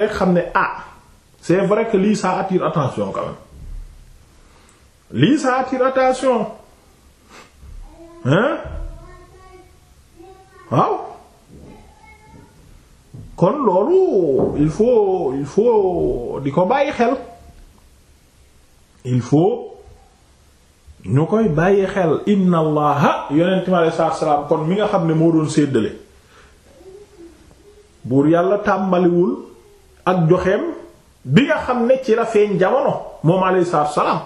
rek xam ne ah vrai que lii ça attire attention quand même lii ça hein waaw kon loolu il faut il faut di ko bàyyi xel il faut ñu koy bàyyi xel inna allaha yonent mi alei kon mi nga xam ne moo doon séddale buur yàlla tàmbaliwul ak joxeem bi nga xam ne ci la feeñ jamono moom alayhi salaam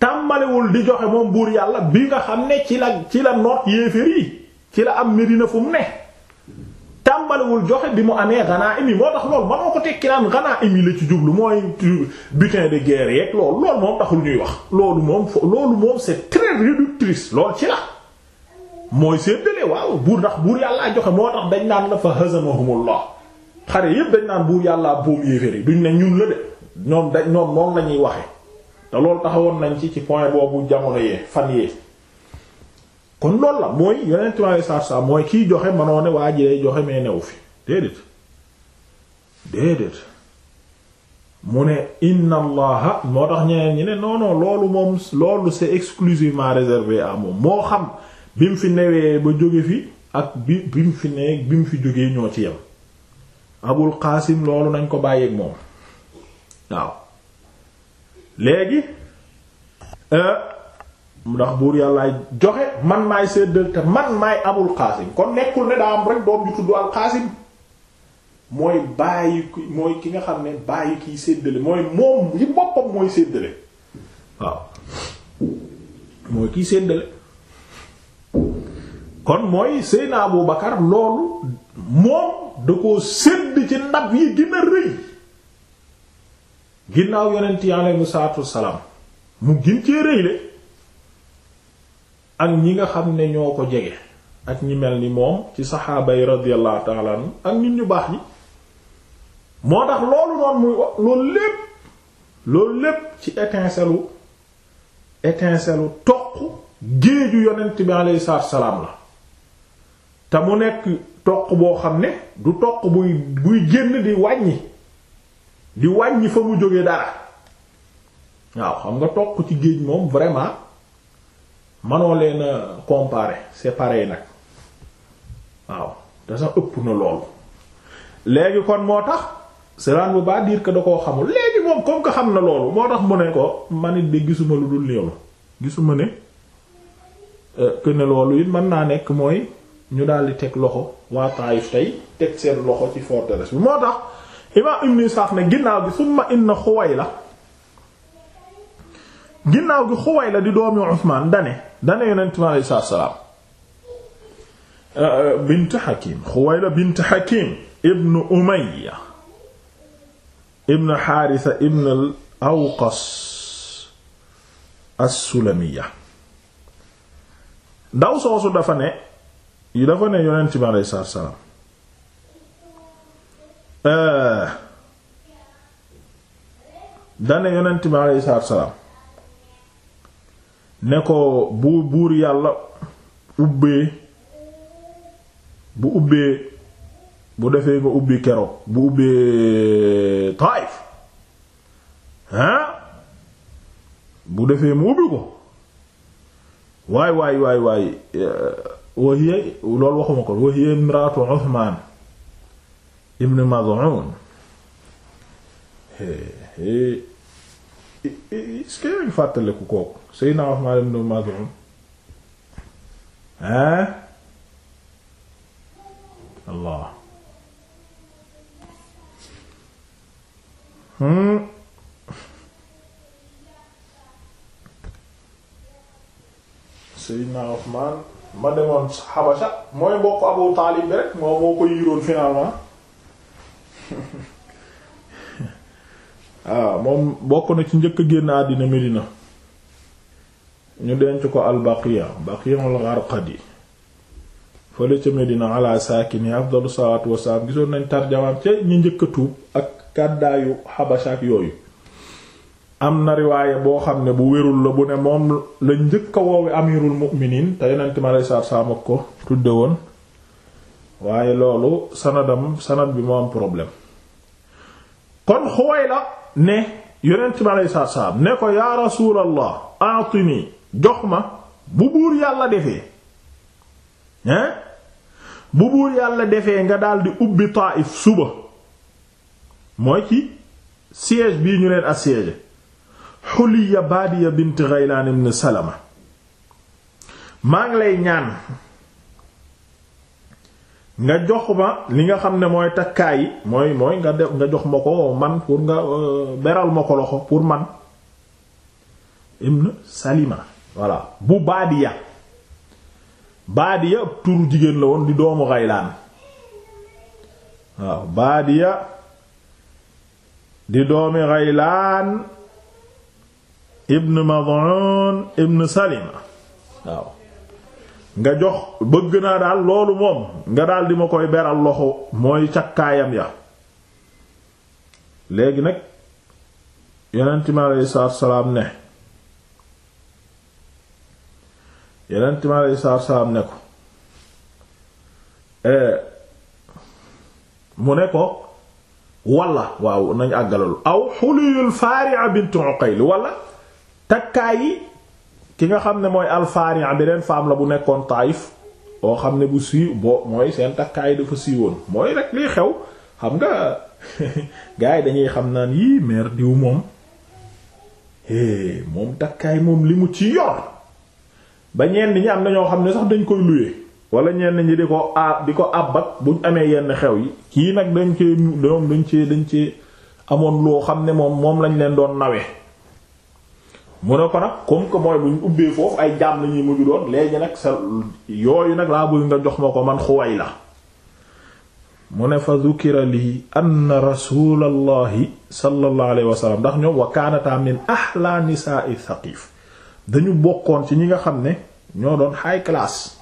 tàmbalewul di joxe moom buur yàlla bi nga xam ne ci la ci la noot yéefér yi ci la am Medina fu mu ne tàmbalewul joxe bi mu amee ghanaim yi moo tax loolu manoo ko tekki moom wax loolu moom fo loolu moom c'est très ci la mooy séddale waaw buur ndax buur yàllaa joxe moo tax dañ naan la fa hazamahumullah xare yépp dañ naan buur yàllaa boom yéeféer yi duñ ne ñun la de ñoom dañ ñoom moom la ñuy waxe te loolu taxawoon nañ ci ci point boobu jamono yee fan yee kon loolu la mooy yonent ma sar sa mooy kiy joxe manoo ne waa ji day joxe newu fi déedéet déedéet mu ne inna allaha moo tax ñeneen ñi ne non non loolu moom loolu c'est exclusivement réservé à xam bi mu fi newee ba jóge fi ak bi bi mu fi newee bi mu fi jógee ñoo ci yem abul qaasim loolu nañ ko bàyyeeg moom waaw léegi euh, ndax buur yàllaay joxe man maay séddal te man maay abul qaasim kon nekkul ne daa am rek doom ju tudd al qaasim mooy bàyyi mooy ki nga xam ne bàyyi kiy séddale mooy moom yi boppam mooy séddale waaw mooy kiy séddale kon mooy Seydina Abu Bakar loolu moom da koo sédd ci ndab yi gën rëy ginnaaw yonent yi aleyhimu salaatu wassalaam mu gin cee rëy le ak ñi nga xam ne ñoo ko jege ak ñi mel ni moom ci saxaaba yi radiyallahu ta'ala ak ñu ñu baax ñi moo tax loolu noonu muy loolu lépp loolu lépp ci étincelle u toq géeju yonent bi aleyhi salaam la te mu nekk toq boo xam ne du toq buy buy génn di wàññi di wàññi fa mu jóge dara waaw xam nga toq ci géej moom vraiment manoo leen a comparer c'est pareil nag waaw te ëpp na loolu léegi kon moo tax cela bu veut pas dire que da koo xamul léegi moom comme que xam na loolu moo tax mu ne ko man it de gisuma lu dul néew gisuma ne euh, que loolu it mën naa nekk mooy. ñu daldi teg loxo waa Taayif tey teg seen loxo ci forteresse bi moo tax imaam Ibn Isaaq ne ginnaaw gi summa inna Xuwayla ginnaaw gi Xuwayla di doomi Usmaan dane dane Yonent mi alayhi salaam ah, ah, bint Hakiim Xuwayla bint Hakiim ibn Umayya ibn Haarisa ibn awqas as-Sulamiyya ndaw soosu dafa ne yi dafa ne yonent bi aleyhi salaam euh, dane yonent bi aleyhi salaam ne ko bu buur yàlla ubbee bu ubbee bu defee nga ubbi keroog bu ubbee Taayif ah bu defee mu ubbi ko waay waay waay waay euh, wa hiya loolu waxuma ko wa hiya imraatu Uthman ibn Maz'un est-ce que ñu fàttaliku kooku Seydina Uthman ibn Maz'un hein Allah hmm Seydina Uthman ma demoon Habasha mooy mbokk Abu Taalib bi rek moo moo ko yiroon finalement waaw ah, moom bokk na ci njëkk génn àddina Medina ñu denc ko al baqiya baqiyul gharqadi fële ca Medina ala saakini afdalu salaatu wassalaam gisoon nañ tarjamaam ca ñu njëkk tuub ak kàddaayu Habasha yooyu am na riwaaya boo xam ne bu wérul la bu ne moom la njëkk a woowe amirul mu'minin te yonent ma lay saar saam ak ko tudde woon waaye loolu sanadam sanad bi moom problème kon Xuwayla ne yonent ma lay saar saam ne ko yaa rasuulallah aatini jox ma bu buur yàlla defee hein bu buur yàlla defee nga daldi ubbi Taif suba mooy ci siège bii ñu leen assiégé xuliya baadiya bint Ghaylaan ibn Salama maa ngi lay ñaan nga jox ma li nga xam ne mooy takkaay mooy mooy nga def nga jox ma ko man pour nga euh, beral ma ko loxo pour man ibn Salima voilà bu baadiya baadiya ab turu jigéen la woon di doomu Ghaylaan waaw baadiya di doomi Ghaylaan ibn Mad'un ibn Salima waaw nga jox bëgg naa daal loolu moom nga daal di ma koy beral loxo mooy cakkaayam ya léegi nag yonent mi aleyhi salaatu salaam ne yonent mi aleyhi salaatu salaam ne ko eh, mu ne ko walla waaw nañ àggalalu aw Huliyul Fari'a bint Uqayl walla takkaay yi ki nga xam ne mooy alfaria beneen femme la bu nekkoon Taayif boo xam ne bu siiw boo mooy seen takkaay yi dafa siiwoon mooy rek liy xew xam nga gars yi dañuy xam naan yii meer diw moom moom takkaay moom li ci yor ba ñenn ñi ñoo xam ne dañ koy luye wala ñenn ñi a di ko àbb ak amee yenn xew yi kii nag dañ cee ñoom dañ cee dañ amoon loo xam ne moom moom lañ leen doon nawe mu ne ko nag comme que mooy bu ñu ubbee foofu ay jaam la mujju doon léegi nag sa yooyu nag laa bëgg nga jox ma ko man xuway la mu ne fa dhukira lii anna rasulallahi sallallahu alayhi wa ndax ñoom wa kaanata min ahla nisa'i thaqif dañu bokkoon ci ñi nga xam ne ñoo doon high class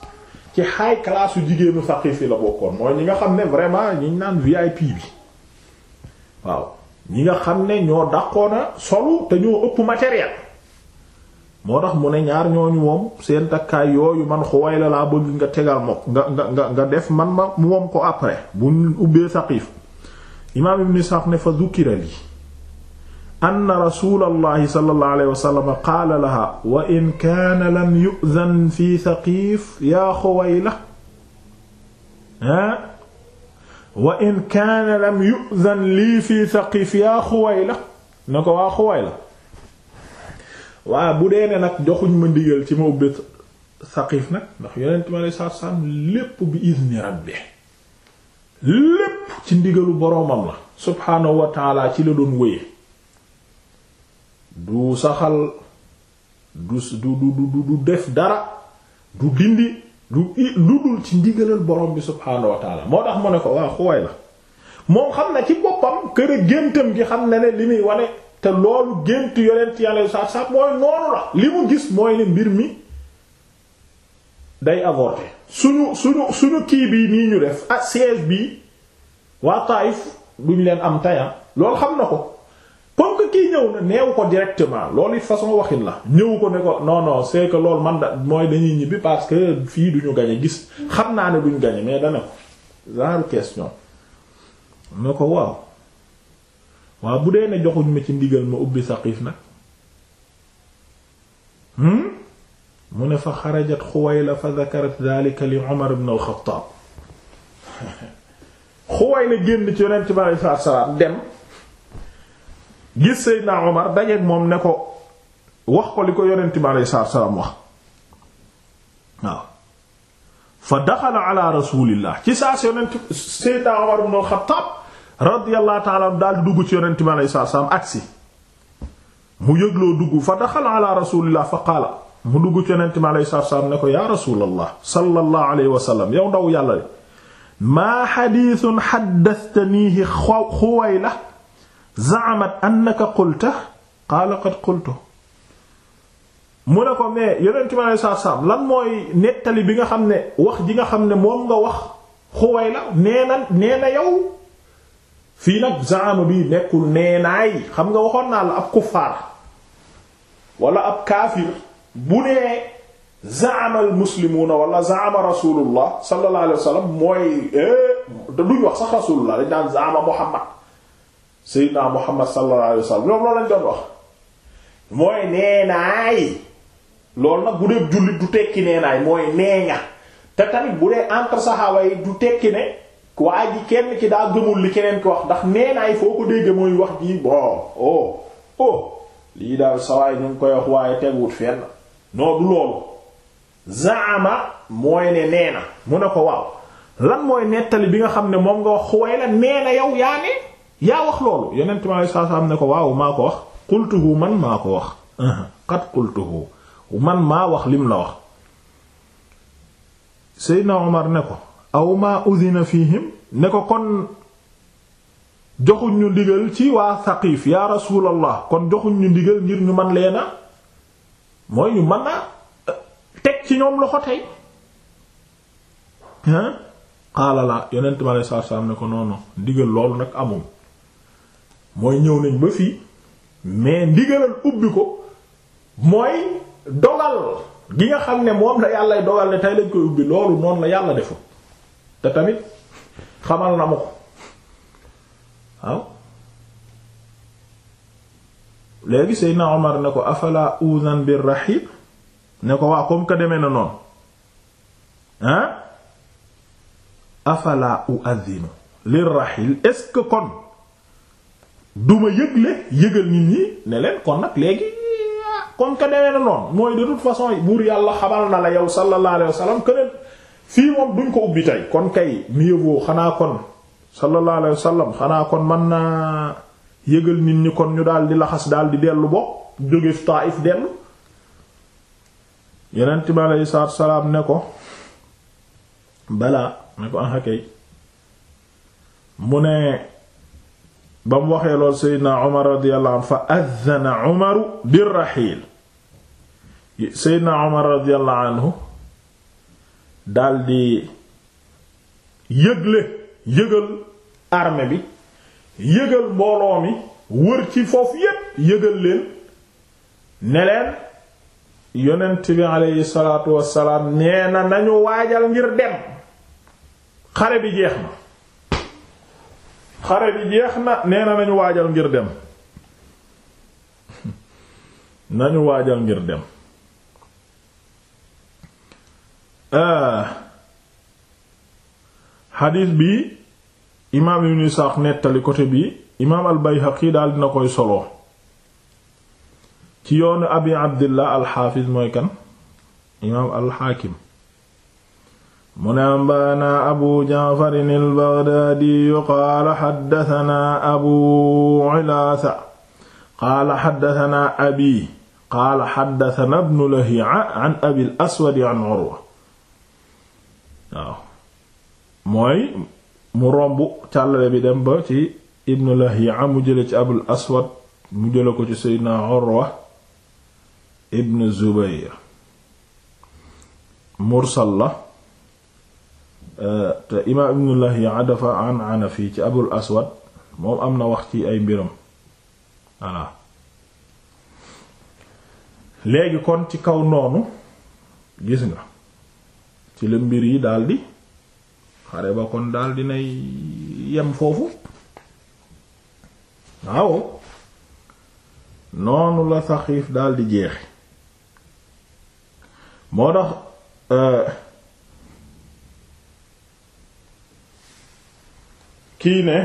ci high class yu jigéenu thaqif yi la bokkoon mooy ñi nga xam ne vraiment ñi naan VIP bi waaw ñi nga xam ne ñoo dàqoona solu te ñoo ëpp matériel moo tax mu ne ñaar ñooñu moom seen takkaay yooyu man xuway la laa bëgg nga tegal ma nga nga nga def man ma moom ko après buñ ubbee saqiif imaam ibn Isxaaq ne fa dukira lii anna rasuulallahi sallallahu alayhi wa sallam qaala lahaa wa in kaana lam yu'zan fi saqiif yaa xuwayla ha wa in kaana lam yu'zan lii fi saqiif yaa xuwayla na ko waa xuwayla waaw bu dee ne nag joxuñ ma ndigal ci ma ubbi Saqiif nag ndax yonent mi alayhi salaatu salaam lépp bi izni rabbi lépp ci ndigalu boroomam la subhaanahu wa taala ci la doon wéye du saxal du du du du def dara du dindi du lu dul ci ndigalal borom bi subhaanahu wa moo tax mu ne ko waaw xuwaay la moom xam na ci boppam kër a géntam gi xam na ne li muy wane te loolu gént yonent yàlla sax sax mooy noonu la li mu gis mooy ne mbir mi day avorté suñu suñu suñu kii bii nii ñu def ak ah, siège bii waa Taïf duñ leen am tayan ah, loolu xam na ko comme que kii ñëw na neewu ko directement loolu it façon waxin la ñëwu ko ne ko non non c'est que loolu man da mooy dañuy ñibbi parce que fii duñu gañe gis xam naa ne duñ gañe mais dana ko genre question ne ko waaw waaw bu dee ne joxuñ ma ci ndigal ma ubbi saqif nag hmm? mu ne fa xarajat xuwayla fa dakarat daalika li Umar ibn al-Xattaab xuwayla génn ci yonent bi alayhi salaatu salaam dem gis Seydina Umar dajeek moom ne ko wax ko li ko yonent bi alayhi salaatu salaam wax waaw fa daxala ala rasulillah ci saa si yonent Seydina Umar ibn al-Xattaab radiyallahu ta'ala daal di dugg ci yonent bi alayhi salaam agsi mu yëgloo dugg fa daxala ala rasulillah fa qaala mu dugg ci yonent bi alayhi salaam ne ko yaa rasulallah sallallahu alayhi wa yow ndaw yàlla de maa xadiisun xaddastaniihi xuwayla za'amat annaka qulta qaala qad qultu mu ne ko mais yonent bi alayhi salaam lan mooy nettali bi nga xam ne wax ji nga xam ne moom nga wax xuwayla nee na nee na yow. fii nag zaama bi nekkul neenaay xam nga waxoon naa la ab kuffaar wala ab kaafir bu nee zaama muslimuuna wala zaama rasulullah sallallahu alayhi mooy eh, te duñ wax sax rasulullah dañ daan zaama muhammad sayyidina muhammad sallallahu alayhi wasallam loolu lañ doon wax mooy neenaay loolu nag bu dee jullit du tekki neenaay mooy nee te tamit bu dee entre saxaaba yi du tekki ne waa ji kenn ki daa gëmul li keneen ki wax ndax nee naay foo ko dégg mooy wax ji bon oh oh lii daal sawaay ñu ngi koy wax waaye teguwut fenn noo du loolu zaama mooy ne nee na mu ne ko waaw lan mooy nettali bi nga xam ne moom nga wax xuway la nee na yow yaa ne yaa wax loolu yeneen tubaab yi ne ko waaw maa ko wax qultuhu man maa ko wax uh-huh. qad qultuhu man maa wax lim la wax Seydina ko aw maa udina fihim ne ko kon joxuñ ñu ndigal ci waa Saqif yaa rasulallah kon joxuñ ñu ndigal ngir ñu man leena mooy ñu mën a euh, teg ci ñoom loxo tey hein xaala la yonent ma lay saa saam ne ko noonu ndigal loolu nag amul mooy ñëw nañ ba fii mais ndigalal ubbi ko mooy dogal gi nga xam ne moom la yàllay dogal ne tey lañ koy ubbi loolu noonu la yàlla defu tamit xamal na ma ko waaw léegi Seydina Omar ne ko afala uzan bir rahib ne ko waa comme que demee na noonu ah afala uazinu lir rahil est-ce que kon duma yëgle yëgal nit ñi ne kon nag léegi comme ah, que demee na noonu mooy de toute façon buur yàlla xamal na la yow sallallahu alayhi wa fii moom duñ ko ubbi tey kon kay mieux vaut xanaa kon sallallahu alayhi xanaa kon man naa yëgal nit ñi kon ñu daal di laxas daal di dellu bopp jóge Taif dellu yonent bi salaam ne ko balaa ne ko ah kay mu ne ba mu waxee lool Seydina Omar radiyallahu anhu fa adhana Omaru birrahiil Seydina Omar radiyallahu anhu daldi yëgle yëgal armée bi yëgal mbooloo mi wër ci foofu yépp yëgal leen ne leen yonent bi aleyhi salaatu wassalaam nee na nañu waajal ngir dem xare bi jeex na xare bi jeex na nee na nañu waajal ngir dem nañu waajal ngir dem xadiis euh, bi imaam ibn Isaaq nettali côté bi imaam al-Bayhaqi daal dina koy soloo ci yoonu abi abdillah alxaafis mooy kan imaam alxaakim mu ne ambaana abu jaafarin al-Baghdaadi qaala xaddasanaa abu Ilaasa qaala xaddasanaa abi qaala xaddasanaa ibnu Lahii'a an abil aswad an Urwa waaw mooy mu romb càllale bi dem ba ci ibnu Lahiya mu jële ci Abul Aswad mu jële ko ci Seydina Urwa ibn Zubayr mursal la eh, te imaam ibnu Lahiya dafa an ana ci Abul Aswad moom am na wax ci ay mbiram voilà léegi kon ci kaw noonu gis nga ci la mbir yi daldi xare ba kon daldi nay yem foofu waaw noonu la Saxiif daldi jeex moo tax euh, kii ne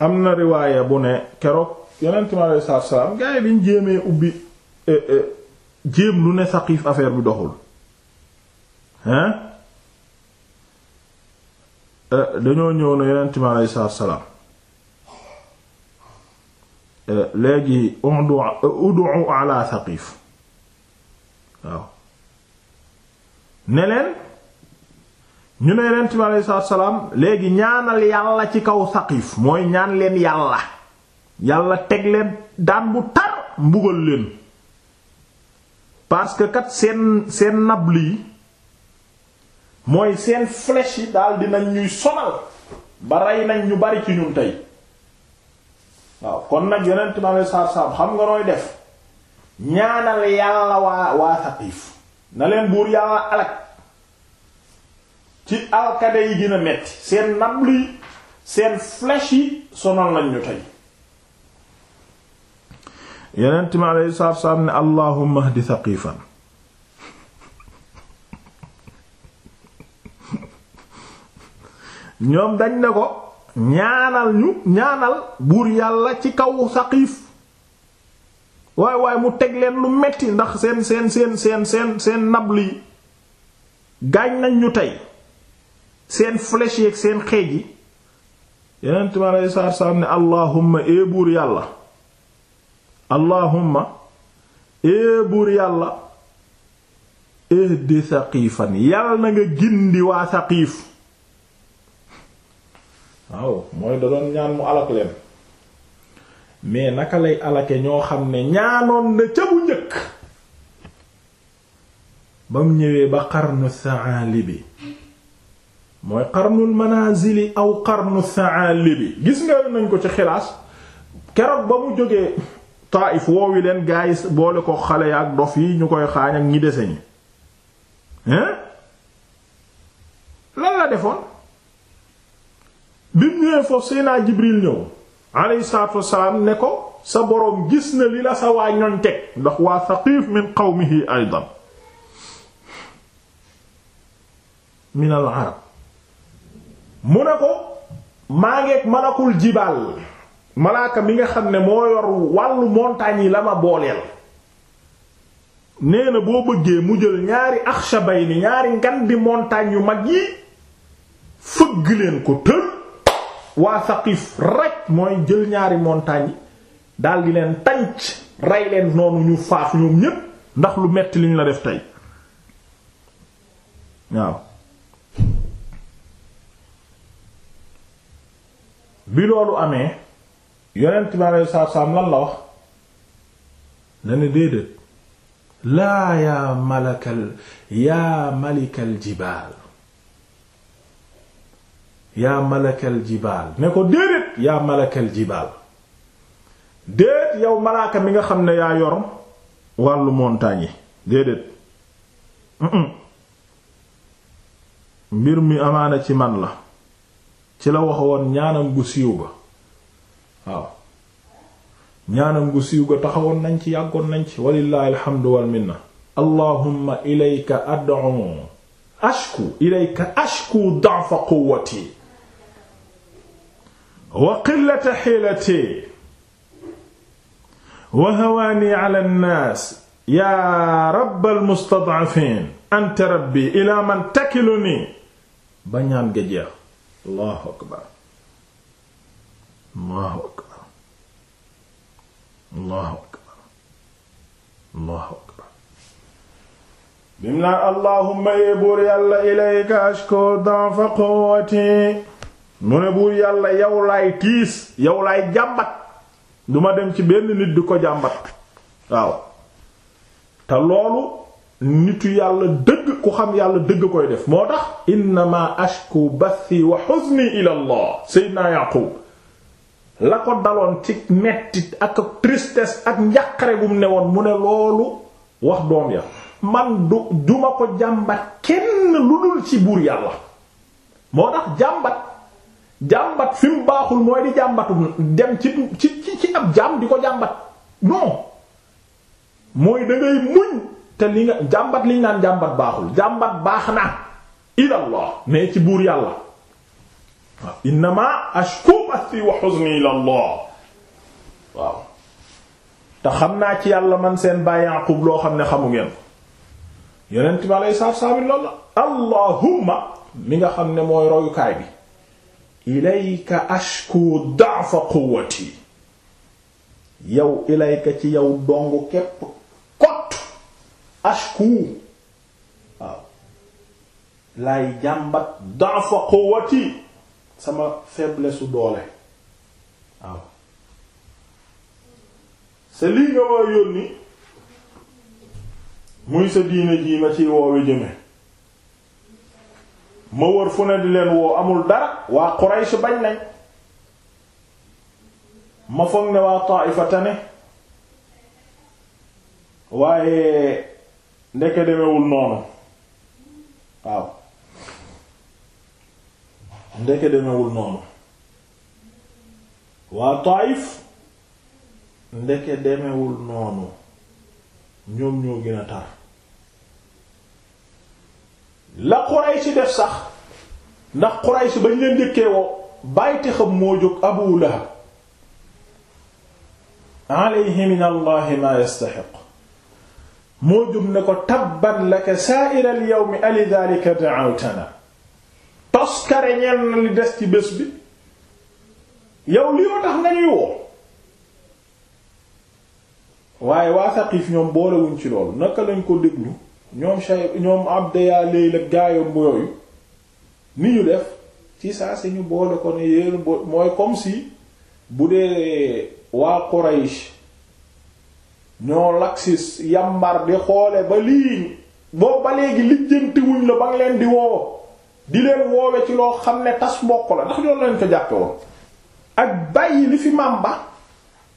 am na riwaaya bu ne keroog yonent mi alayhi salaatu wa salaam gaa yi jéemee ubbi euh, euh, jéem lu ne saqiif affaire bi doxul hein euh, dañoo ñëw na yonent mi aleyhi salaatu salaam euh, léegi udu udu ala saqiif waaw ne leen ñu ne yonent mi aleyhi salaatu salaam léegi ñaanal yàlla ci kaw saqiif mooy ñaan leen yàlla yàlla teg leen daan bu tar mbugal leen parce que kat seen seen nabl yi mooy seen flèche yi daal dinañ ñuy sonal ba rey nañ ñu bari ci ñun tey waaw kon nag yonent ma lay saab xam nga nooy def ñaanal yàlla waa waa Saqiif na leen buur yàlla alak ci alkade yi dina metti seen nabl yi seen flèche yi sonal nañ ñu tey yonent mi alayhi salaatu salaam ne allahumma ñoom dañ ne ko ñaanal ñu ñaanal buur yàlla ci kaw saqiif waaye waaye mu teg leen lu metti ndax seen seen seen seen seen seen nabl yi gaañ nañ ñu tey seen flèche yeeg seen xeej yi yeneen time alay saar saar ne allahumma ee eh buur yàlla allahumma ee buur yàlla ihdi saqiifan yàlla na nga gindi waa saqiif waaw mooy da doon ñaan mu alak leen mais naka lay alake ñoo xam ne ñaanoon na ca bu njëkk ba mu ñëwee ba qarnu saalibi mooy qarnul manaazili aw qarnu saalibi gis nga nañ ko ci xilaas keroog ba mu jógee Taif woowi leen gaa boole ko xale ya ak dof yi ñu koy xaañ ak ñi dese ñi hein lan la defoon bi mu ñëwee foofu Seydina Jibril ñëw alayhi salaatu wassalaam ne ko sa boroom gis na li la sa waa ñoñ teg ndax waa Saqiif min qawmihi aydan min al arab mu ne ko maa ngeeg malakul jibaal malaaka mi nga xam ne moo yor wàllu montagne yi la ma booleel nee na boo bëggee mu jël ñaari axshabayni ñaari ngan di montagne yu mag yi fëgg leen ko tël waa Saqif raj mooy jël ñaari montagne yi daldi leen tànc rey leen noonu ñu faaf ñoom ñépp ndax lu metti liñ la def tey waaw bi loolu amee yonent bi aleyhi salaatu salaam lan la wax na ne déedéet laa yaa malakal yaa malikal jibaal yaa malakal jibaal ne ko déedéet yaa malakal jibaal déet yow malaaka mi nga xam ne yaa yor wàllu montagne yi déedéet mbir mi amaana ci man la ci la waxoon ñaanam gu siiw ba waaw ñaanam gu siiw ga taxawoon nañ ci yàggoon nañ ci walillahi alhamdu wal minna allahumma ilayka ad'u ashku ilayka ashku da'fa quwwati wa qillata hilati wa hawaani ala an-naas yaa rabbal mustad'afiin anta rabbi ilaa man takiluni ba ñaan ga jeex allahu akbar allahu akbar allahu akbar yàlla ilayka ashko mu ne buur yàlla yow laay tiis yow laay jàmbat duma dem ci benn nit di ko jàmbat waaw te loolu nitu yàlla dëgg ku xam yàlla dëgg koy def moo tax innama ashku bathi wa huzni ila allah sayyidina yaqub la ko daloon ci mettit ak tristesse ak njàqare gum ne woon mu ne loolu wax doom ya man du duma ko jàmbat kenn lu dul ci buur yàlla moo tax jàmbat jàmbat fi baaxul mooy di jàmbatum dem ci ci ab jaam di ko jàmbat non mooy da muñ te li nga jàmbat liñ naan jàmbat baaxul jàmbat baax na ilallah mais ci buur yàlla waaw innama ashku bathi wa huzni ila Allah waaw te xam naa ci yàlla man seen baay Yaqub loo xam ne xamu ngeen ko yonent bi aleyhi salaatu salaam loolu la allahumma mi nga xam ne mooy royukaay bi ilayka ashku da'fa quwwati yow ilayka ci yow dong képp kot ashku waaw lay jàmbat da'fa quwwati sama faiblesse su doole waaw sa lii ma yónni muy sa diine jii ma ciy woowe jëme ma wër fu ne di leen woo amul dara waa Quraysh bañ nañ ma foog ne waa Taaifa tane waaye ndeke demewul noonu waaw ndeke demewul noonu waa Taif ndeke demewul noonu ñoom ñoo gën a tar la Quraysh def sax ndax Quraysh bañ leen njëkkee woo bàyyite xam moo jóg Abu Lahab alayhi min allahi ma yastaxiq moo jóg ne ko tabban laka saa'ira al yawmi alidhalika da'awtana toskare ñeen na li des ci bés bi yow li yoo tax nga ñuy woo waaye waa Saqif ñoom boolewuñ ci loolu naka lañ ko déglu ñoom Shay ñoom Abda yaa léegi la gaayam yooyu ni ñu def ci saa si ñu boole ko ne yéen mooy comme si bu dee waa Quraysh ñoo laksis yambar di xoole ba lii boo ba léegi lijjantiwuñ la ba nga leen di woo di leen woowe ci loo xam ne tas mbokk la ndax ñoom lañ ko jàppe ak bàyyi li fi maam ba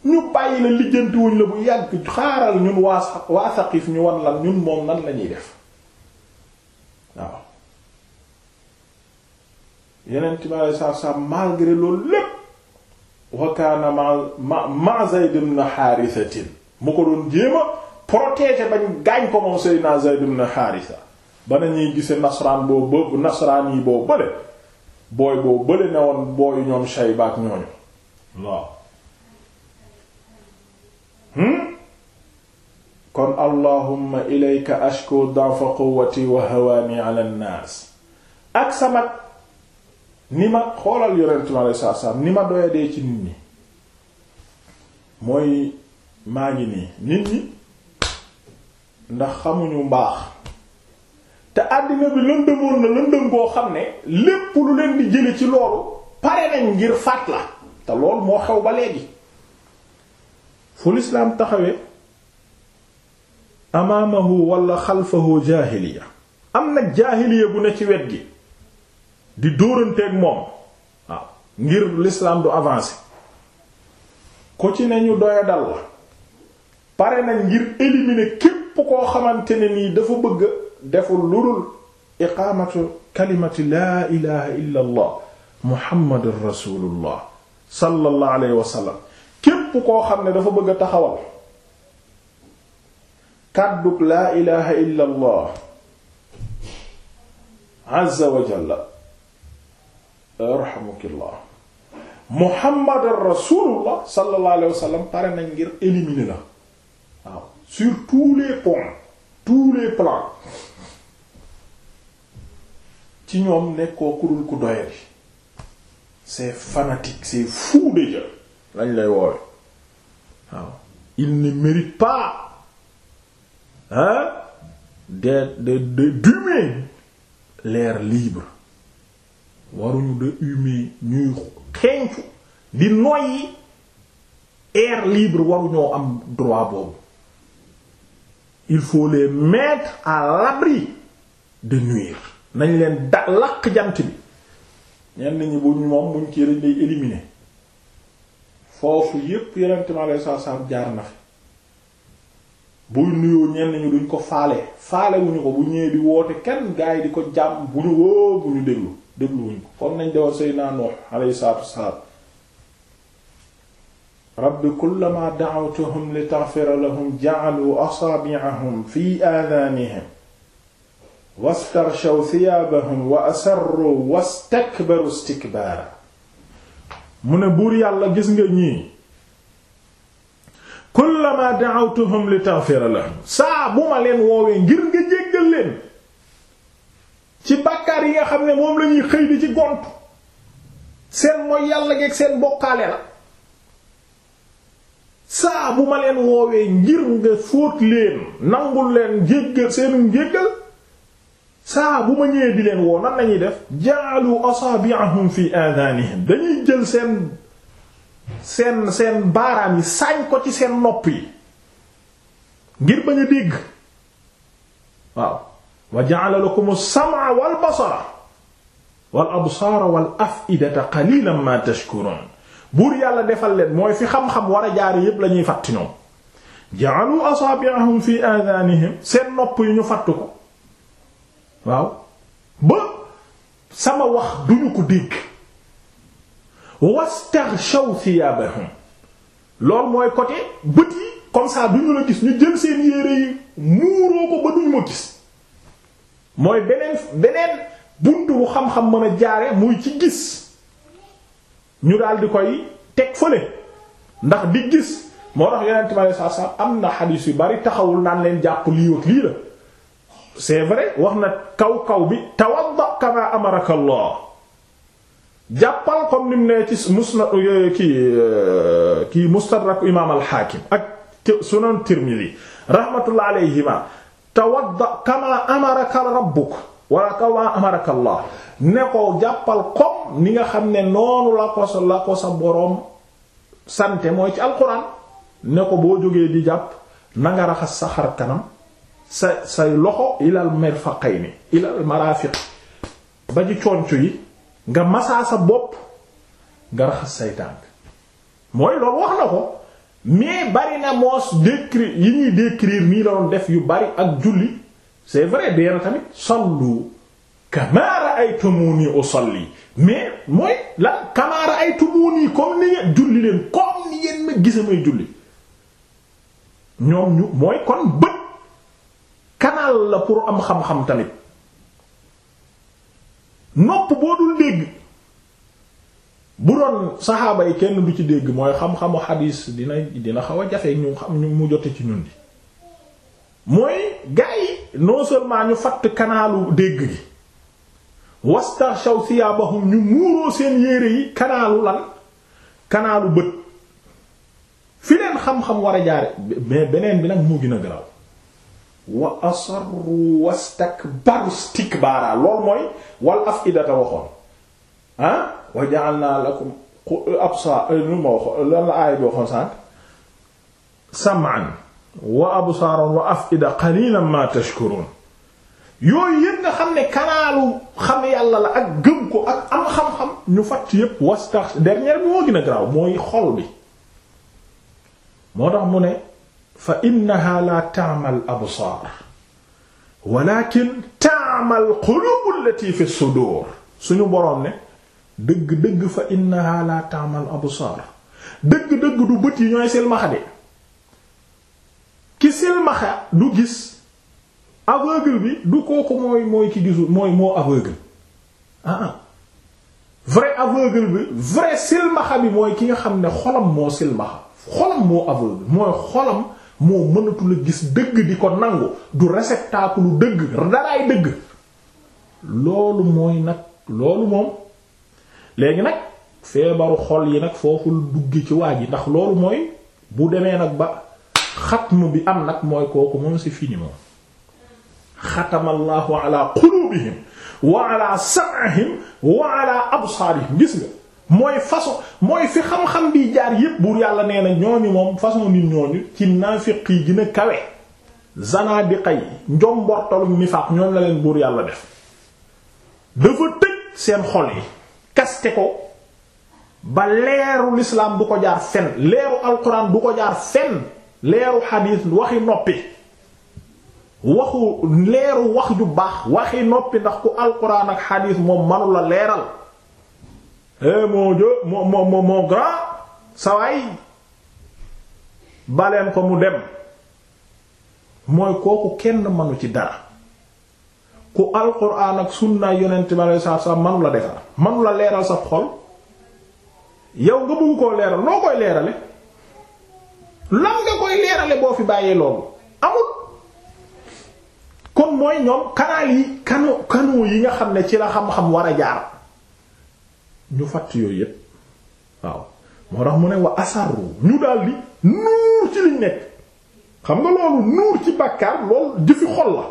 ñu bàyyi la lijjantiwuñ la bu yàgg xaaral ñun waa waa Saqif ñu wan lan ñun moom nan lañuy def waaw yeneen ci ma sa sa malgré loolu lépp wa kaana ma ma Zayd ibn Haarisatin mu ko doon jéema protéger bañ gaañ ko moom Seydina Zayd ibn Haarisa ba nañuy gise nasraan boo bëgg nasraan yi boo bële booy boo bële ne woon booyu ñoom Shayba ak ñooñu waaw hmm? kon allahumma ilayka ashku da'fa quwwati wa hawaani ala an-naas ni ma xoolal yonentu mi alayhi salaatu salaam ni ma doyadee ci nit ñi mooy maa ngi nii nit ñi ndax xamuñu baax te àddina bi lëndëmoon na lëndëm goo xam ne lépp lu leen di jële ci loolu pare nañ ngir faat la te loolu moo xew ba léegi fu lislaam taxawee amaamahu wala xalfahu jaahiliya am na jaahiliya bu ne ci wet gi di dóoranteeg moom ngir lislaam du avancé ko ci ne ñu doya dal la pare nañ ngir éliminer képp koo xamante ne nii dafa bëgg deful ludul iqaamatu kalimati laa ilaha illa allah rasulullah sallallahu alayhi wa sallam koo xam ne dafa bëgg taxawal kàddug laa ilaha illa allah azza wa jalla arhamukallah rasulullah sallallahu alayhi wa pare nañ ngir éliminer la sur tous les points tous les plans ci ñoom nekkoo kurul ku doyadi c'est fanatique c'est fou déjà lañ lay woowe waaw il ne mérite pas hein de de de d'humer l'air libre waruñu de humer ñuy xencu di noyyi air libre waruñoo am droit boobu il faut leen mettre à l'abri de nuire nañ leen da laq jant bi ñenn ñi buñ moom buñ kii dañ lay éliminer foofu yëpp yonent mi alayhi salaatu salaam jaar na fi buy nuyoo ñenn ñi duñ ko faale faale wuñu ko bu ñëwee di woote kenn gaa yi di ko jàmm bu ñu woo bu ñu déglu dégluwuñ ko kon nañ dewal Seydina Nuux alayhi salaatu salaam rabbi kullama da'awtuhum li taghfira lahum ja'alu asaabi'ahum fi aadaanihim wastaghshaw thiyaabahum wa wastakbaru istikbaara mu ne buur yàlla gis nga ñii kullama da'awtuhum li taghfira lahum saa leen woowee ngir nga jéggal leen ci bàkkaar yi nga xam ne moom lañuy xëy di ci gont seen mooy yàlla geeg seen bokkaale la saa bu ma leen woowee ngir nga fóot leen nangul leen jéggal seenum jéggal saa bu ma ñëwee di leen woo nan lañuy def jaalu asabi'ahum fi adanihim dañuy jël seen seen seen baaraam yi saañ ko ci seen nopp yi ngir bañ a dégg waaw wa ja'ala lakum as-sam'a wal basara wal absara wal af'idata ma tashkurun buur yàlla defal leen mooy fi xam-xam war a jaare yépp lañuy ñuy fàtt ñoom ja'alu asabi'ahum fi adanihim seen nopp yu ñu fàtt ko waaw ba sama wax duñu ko dégg wastaghshaw thiyabahum loolu mooy côté bët yi comme ça duñu la gis ñu jël seen yére yi muuroo ko ba duñu ma gis mooy beneen beneen bunt bu xam-xam mën a jaare muy ci gis ñu daal di koy teg fële ndax di gis moo tax yonent bi alayhi salaam am na xadiis yu bari taxawul naan leen jàpp lii ak lii la c'est vrai wax na kaw kaw bi tawadda kama amaraka Allah jàppal comme ni mu nee ci musnad eh, kii eh, kii mustadrak imaam al-Hakim ak sunan Tirmidhi rahmatullah alayhima tawadda kama amaraka rabbuk wala kamaa amaraka Allah ne ko jàppal ko ni nga xam ne noonu la ko sa la ko sa boroom sante mooy ci alquran ne ko boo jógee di jàpp na nga raxas sa xar kanam sa say loxo ilal mirfaqayni ba ci concu yi nga masaa sa bopp nga raxas say tànk mooy loolu wax na ko mais bari na moos décrire yi ñuy décrire nii la doon def yu bari ak julli c'est vrai dee na tamit sallu kama ra'aytumuni usalli mais mooy la kama ra'aytumuni comme ni julli leen comme ni ngeen ma gis may julli ñoom ñu mooy kon bët canal la pour am xam-xam tamit nopp boo dul dégg bu doon saxaaba yi kenn bu ci dégg mooy xam-xamu xadiis dina dina xaw a jafe ñu xam ñu mu jote ci ñun di mooy gars yi seulement ñu fatt kanaalu dégg gi wastarchaw siyaabahum ñu muuroo seen yére yi kanaalu lan kanaalu bët fi leen xam-xam war a jaare mais beneen bi nag moo gën garaaw wa asarru wastakbaru stikbaara lool mooy wal afidata waxoon ah wa ja'alna lakum absa eh, nu ma waxoon lan la aaya bi waxoon sànq sam'an wa absaaran wa afida qalilan ma tashkurun yooyu yëpp nga xam ne kanaalu xam yàlla la ak gëm ko ak am xam-xam ñu fatt yëpp wasta dernier bi moo gën a garaaw mooy xol bi moo tax mu ne fa innaha la ta'mal absaar walakin ta'mal qulub fi sudur suñu boroom ne dëgg-dëgg fa innaha la ta'mal absaar dëgg-dëgg du bët yi ñooy silmaxa ki silmaxa du gis aveugle bi du kooku mooy mooy ki gisul mooy moo aveugle ah ah vrai aveugle bi vrai silmaxa bi mooy ki nga xam ne xolam moo silmaxa xolam moo aveugle mooy xolam moo mënatul a gis dëgg di ko nangu du réceptacle lu dëgg daraay dëgg loolu mooy nag loolu moom léegi nag feebaru xol yi nag foofu dugg ci waa ji ndax loolu mooy bu demee nag ba xatmu bi am nag mooy kooku moom c'est fini moom xatama allahu ala qulubihim wa ala sam'ihim absaarihim gis nga mooy façon mooy fi xam-xam bi jaar yépp buur yàlla nee na ñooñu moom façon nit ñooñu ci naafiq yi gën a kawe zanadiqa yi njombortalu nifaaq ñoom la leen buur yàlla def dafa tëj seen xol yi kaste ko ba leeru l'islam du ko jaar fen leeru alquran du ko jaar fen leeru xadiis waxi noppi waxu leeru wax ju baax waxi noppi ndax ku alquran ak xadiis moom manu leeral eh moo jo moo moo moo grand sawaay baleen ko mu dem mooy kooku kenn manu ci dara ku alquran ak sunna yonent bi alei satu salaam manu la defar manu la leeral sa xol yow nga bëgg koo leeral noo koy leerale lan nga koy leerale boo fi bàyyee loolu amul kon mooy ñoom kanaal yi kano kano yi nga xam ne ci la xam-xam war a jaar ñu fàtt yooyu yépp waaw moo tax mu ne wa asarru ñu daldi nuur ci liñ nekk xam nga loolu nuur ci bàkkaar loolu jëfi xol la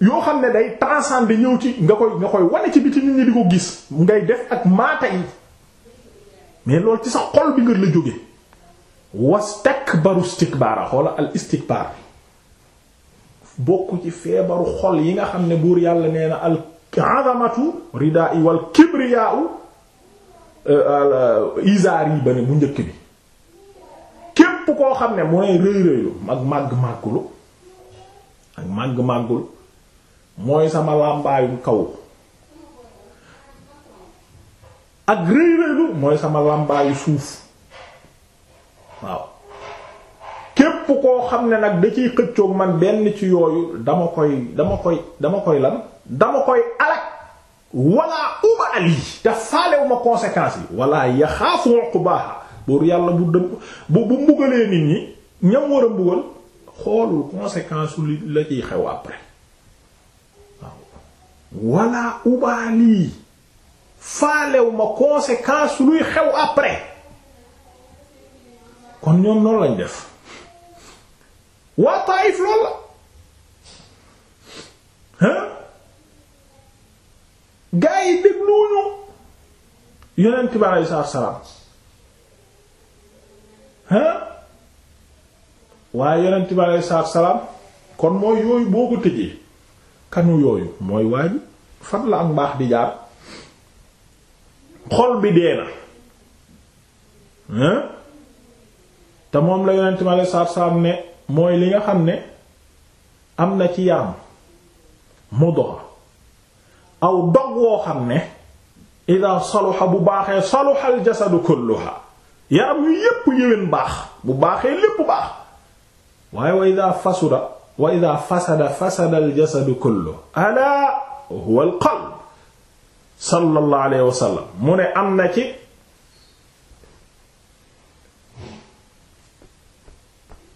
yoo xam ne day transcender ñëw ci nga koy nga koy wane ci biti nit ñi di ko gis ngay def ak maata yi mais loolu ci sa xol bi nga la jóge wastakbaru istikbaara xoola al istikbaar bokk ci feebaru xol yi nga xam ne buur yàlla nee na al azamatu ridaa i wal kibriyaa euh, euh, isaar ba ne bu njëkk bi képp koo xam ne mooy rëy rëylu ak màgg màggulu ak màgg màggul mooy sama làmbaayum kaw ak rëy rëylu mooy sama làmbaayu suuf waaw képp koo xam ne nag da ciy xëccoog man benn ci yooyu dama koy dama koy dama koy lan dama koy alak wala uma ali te faalewu ma conséquences yi wala yaxaafu uqbaha buur yàlla bu dëm bu bu mbugalee nit ñi ñam war a mbugal xoolul conséquence li la ciy xew après waaw wala ubaali faalewu ma conséquence luy xew après kon ñoom loolu lañ def waa Taayif loolu la hein gaa yi dégluwuñu yonent bi aleyhi salaatu salaam hein waaye yonent bi aleyhi salaatu salaam kon mooy yooyu boo ko tëjee kanu yooyu mooy waaju fan la am baax di jaar xol bi dee na te moom la yonent ma la saab ne mooy li nga xam ne am na ci yaram mu dox aw dog woo xam ne ida saluxa bu baaxee saluxal jasadu kulluha yaram yu yépp yéwén baax bu baaxee lépp baax waaye wa ida fasuda wa ida fasada fasada al jasadu kullu ala huwa al qalb sallallahu alayhi wa sallam mu ne am na ci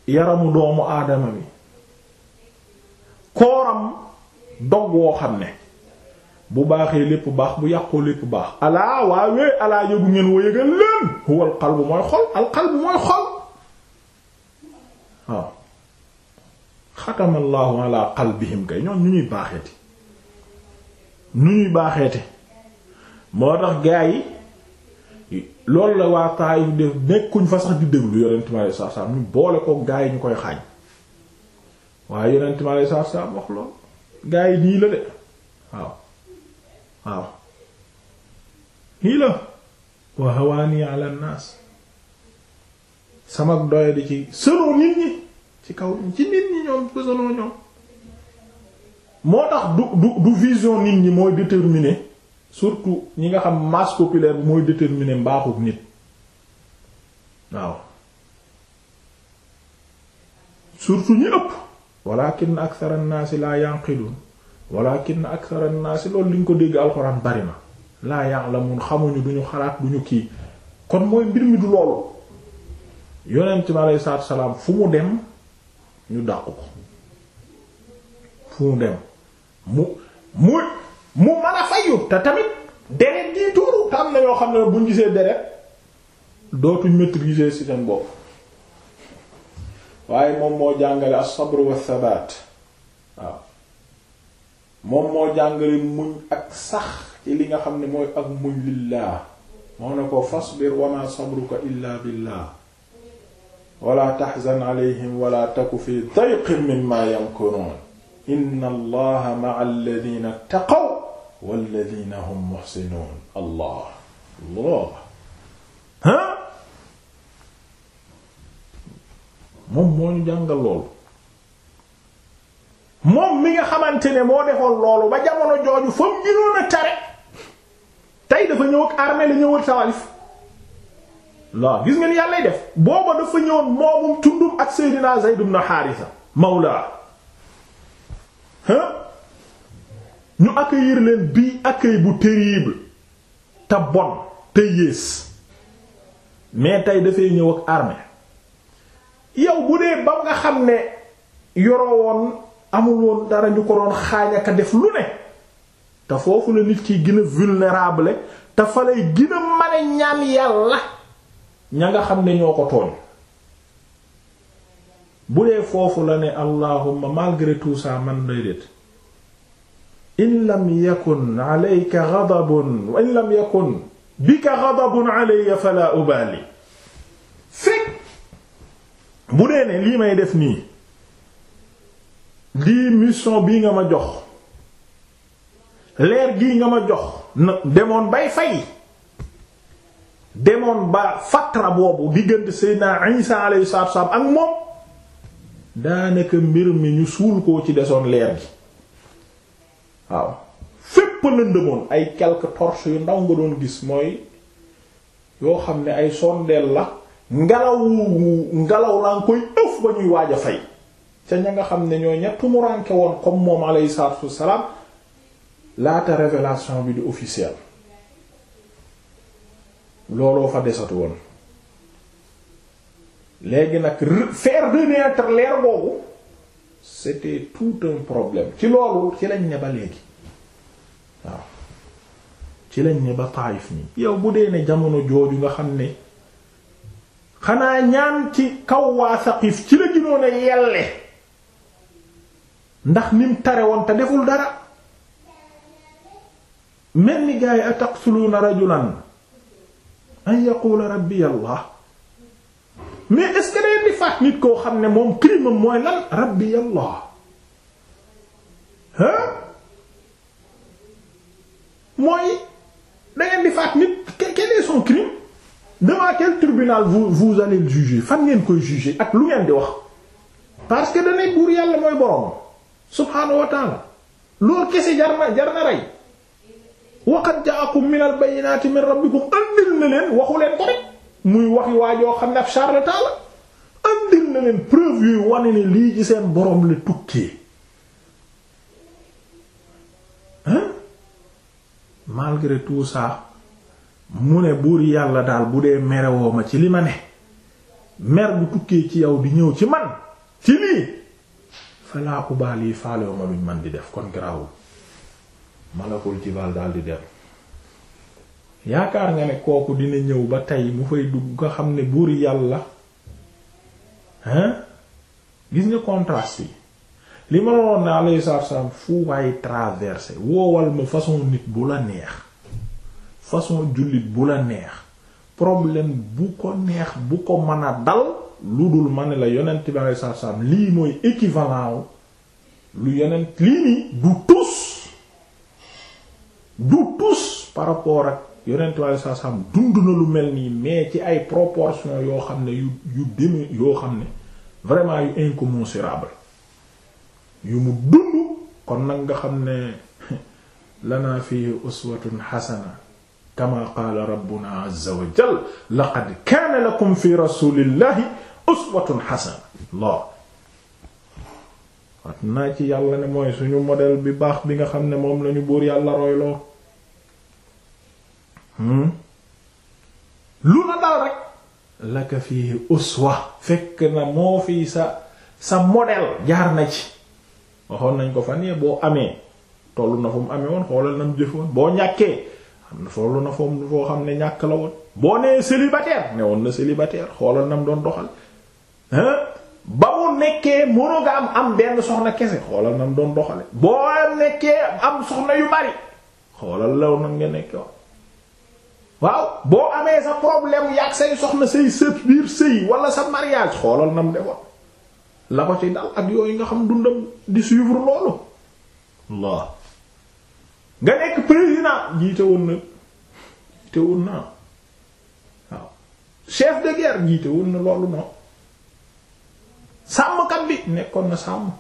yaramu doomu aadama bi kooram dog woo xam ne bu baaxee lépp baax bu yàqoo lépp baax alaa waawee alaa yëgu ngeen wa yëgal leen huwa al qalbu mooy xol al qalbu mooy xol waaw xatamallahu ala qalbihim kay ñoom ñu ñuy baaxeete ñu ñuy baaxeete moo tax gaa yi loolu la waa Taayif def nekkuñ fa sax di déglu yonent mi alayhi salaam ñu boole ko gaa yi ñu koy xaañ waaye yonent mi alayhi salaam wax lool gaa yi nii la de waaw waaw nii la wa hawaani sama doye ci sënoo nit ñi ci kaw ci nit ñi ñoom ko sënoo ñoom moo tax du du du vision nit ñi mooy déterminer surtout ñi nga xam masse populaire bi mooy déterminer mbaaxut nit waaw surtout ñi ëpp walakin akthar an-naasi laa yanqilun walakin akthar an-naasi loolu li ko dégg alxuraan bari na la ya'lamun xamuñu duñu xalaat duñu kii kon mooy mbir mi du loolu yonent bi aleyhi salaatu salaam fu mu dem ñu dàqu ko fu mu dem mu mu mu mën a fayu te tamit deret gi tuuru te am na ñoo xam ne buñ gisee deret dootuñ maîtriser ci seen bopp waaye moom moo jàngale as-sabr moom moo jàngale muñ ak sax ci li nga xam ne mooy ak muñ lillah moo ne ko fasbir wa ma sabruka illa billah wala tahzan alayhim wala taku fi dayqin mimma yamkurun inna allaha ma'a alladhina taqaw walladina hum muhsinuun allah allah moom moo ñu jàngal loolu moom mi nga xamante ne moo defoon loolu ba jamono jooju fa mu gënoon a tare tey dafa ñëw ak armée la ñëwal tawalif waaw gis nga ni yàllay def booba dafa ñëwoon moomum tundum ak Seydina Zayd ibn Haarisa mawla ha ñu accueillir leen bii accueil bu terrible te bon te yées mais tey dafay ñëw ak armée yow bu dee ba nga xam ne yoroo woon amul woon dara ñu ko doon xaañ ak def lu ne te foofu la nit ki gën vulnérable te fa lay gën a yàlla ña nga xam ne ñoo ko tooñ bu dee foofu la ne allahumma malgré tout man day déet in lam yakun alayka ghadabun wa in lam yakun bika ghadabun alayya fala ubali fekk bu dee ne lii may def nii lii mission bii nga ma jox leer gii nga ma jox na demoon bay fay demoon ba fatra boobu diggante Seydina Isa alayhi salaatu wa ak moom daanaka mbir mi ñu suul koo ci desoon leer gi waaw fépp lëndëmoon ay quelques torches yu ndaw nga doon gis mooy yoo xam ne ay sondeel la ngelaw ngelaw laa nga koy ëf ba ñuy waaj a fay ca ña nga xam ne ñoo ñettu mu woon comme moom alayhi salaatu wassalaam laata révélation bi di officielle looloo fa desatu woon léegi nag faire renaître leer boobu c'était tout problème ci loolu ci lañ ne ba léegi waaw ci lañ ne ba taayif nii yow bu dee ne jamono jooju nga xam ne xanaa ñaan ci kaw waa Saqif ci la ginoon a yelle ndax nim tare woon te deful dara mel ni gaa yi ataqtuluuna rajulan an yaqula rabbi allah mais est-ce que day di faat nit koo xam ne moom crime mooy lan rabbi yàlla ah mooy da ngeen di faat nit quel est son crime devant quel tribunal vous vous allez le fan ngeen koy juger ak lu ngeen di wax parce que danay buur yàlla mooy borom subhaanahu wa loolu kese jar na jar na rey waqad ja'akum minal bayyinaati min rabbikum andil na leen waxu leen ko rek muy waxi waa joo xam ne ab charlatan la andil na leen preuve yuy wane ne lii ci seen borom la tukkee hein malgré tout ça mu ne buur yàlla daal bu dee merewoo ma ci li ma ne mer bu tukkee ci yow bi ñëw ci man ci lii falaa ubaal yi faalewu ma luñ man di def kon garaawul malakul jibaal daal di dem yaakaar nga ne kooku dina ñëw ba tey mu fay dugg nga xam ne buur yàlla hein gis nga contraste yi li ma loon ne alayhi salaam fu waay traversé woowal ma façon nit bu la neex façon jullit bu la neex problème bu ko neex bu ko mën a dal lu dul ma ne la yonent bi alayhi salaam lii mooy équivalent lu yonent lii nii du tus du tus par rapport ak yonent waaye saa saam dund na lu mel nii mais ci ay proportion yoo xam ne yu demi yoo xam ne vraiment yu incommensurable yu mu dund kon nag nga xam ne lanaa fi uswatun hasana kama qaala rabbuna azza wa jal laqad kaana lakum fi rasulillahi uswatun hasana la wat naa ci yàlla ne mooy suñu modèle bi baax bi nga xam ne moom lañu buur yàlla royloo Hmm? lu na dal rek laka fii uswa fekk na moo fii sa sa modèle jaar na ci waxoon nañ ko fan yee boo amee tollu na fu amee woon xoolal na mu jëfoon boo ñàkkee xam na tollu na foo foo xam ne ñàkk la woon boo nee célibataire ne woon na célibataire doon doxal ba mu nekkee monogame am benn soxna kese xoolal na mu doon doxale boo nekkee am soxna yu bari xoolal law na nga nekkee waaw boo amee sa problème yaag say soxna say sët biir sëy wala sa mariage xoolal nam defoon la ko ci dal ak yooyu nga xam dundam di suivre loolu waaw nga nekk président jiite woon na jiite woon na waaw chef de guerre jiite woon na loolu noonu sàmmkat bi nekkoon na sàmm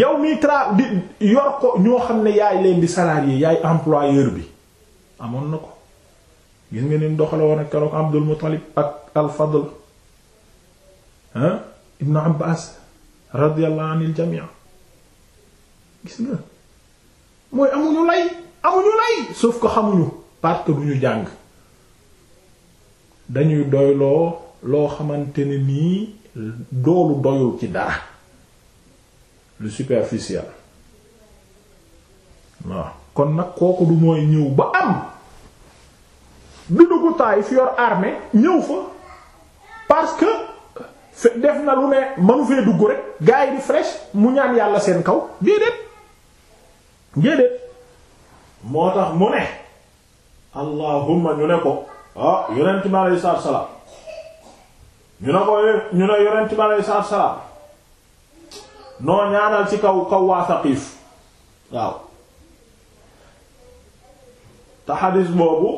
yow miy tra di yor ñoo xam ne yaay leen di salarié yaay employeur bi amoon na ko gis nga ni doxale woon ak keroog Abdul Muttalib ak al Fadl ah Ibn Abbas radiyallahu anil jami' gis nga mooy amuñu lay amuñu lay sauf que xamuñu parce que duñu jàng dañuy doyloo loo xamante ni nii doolu doyul ci dara lu superficiel waaw kon nag kooku du mooy ñëw ba am du dugg Taayif yor armée ñëw fa parce que def na lu ne mënu fee dugg rek gars yi di fraîche mu ñaan yàlla seen kaw déedéet déedéet moo tax mu ne allahumma ñu ne ko ah yonent mi aleyhi salaam ñu ne ko ñu ne yonent mi aleyhi salaam noo ñaanal ci kaw kaw waa Saqiif waaw te xadis boobu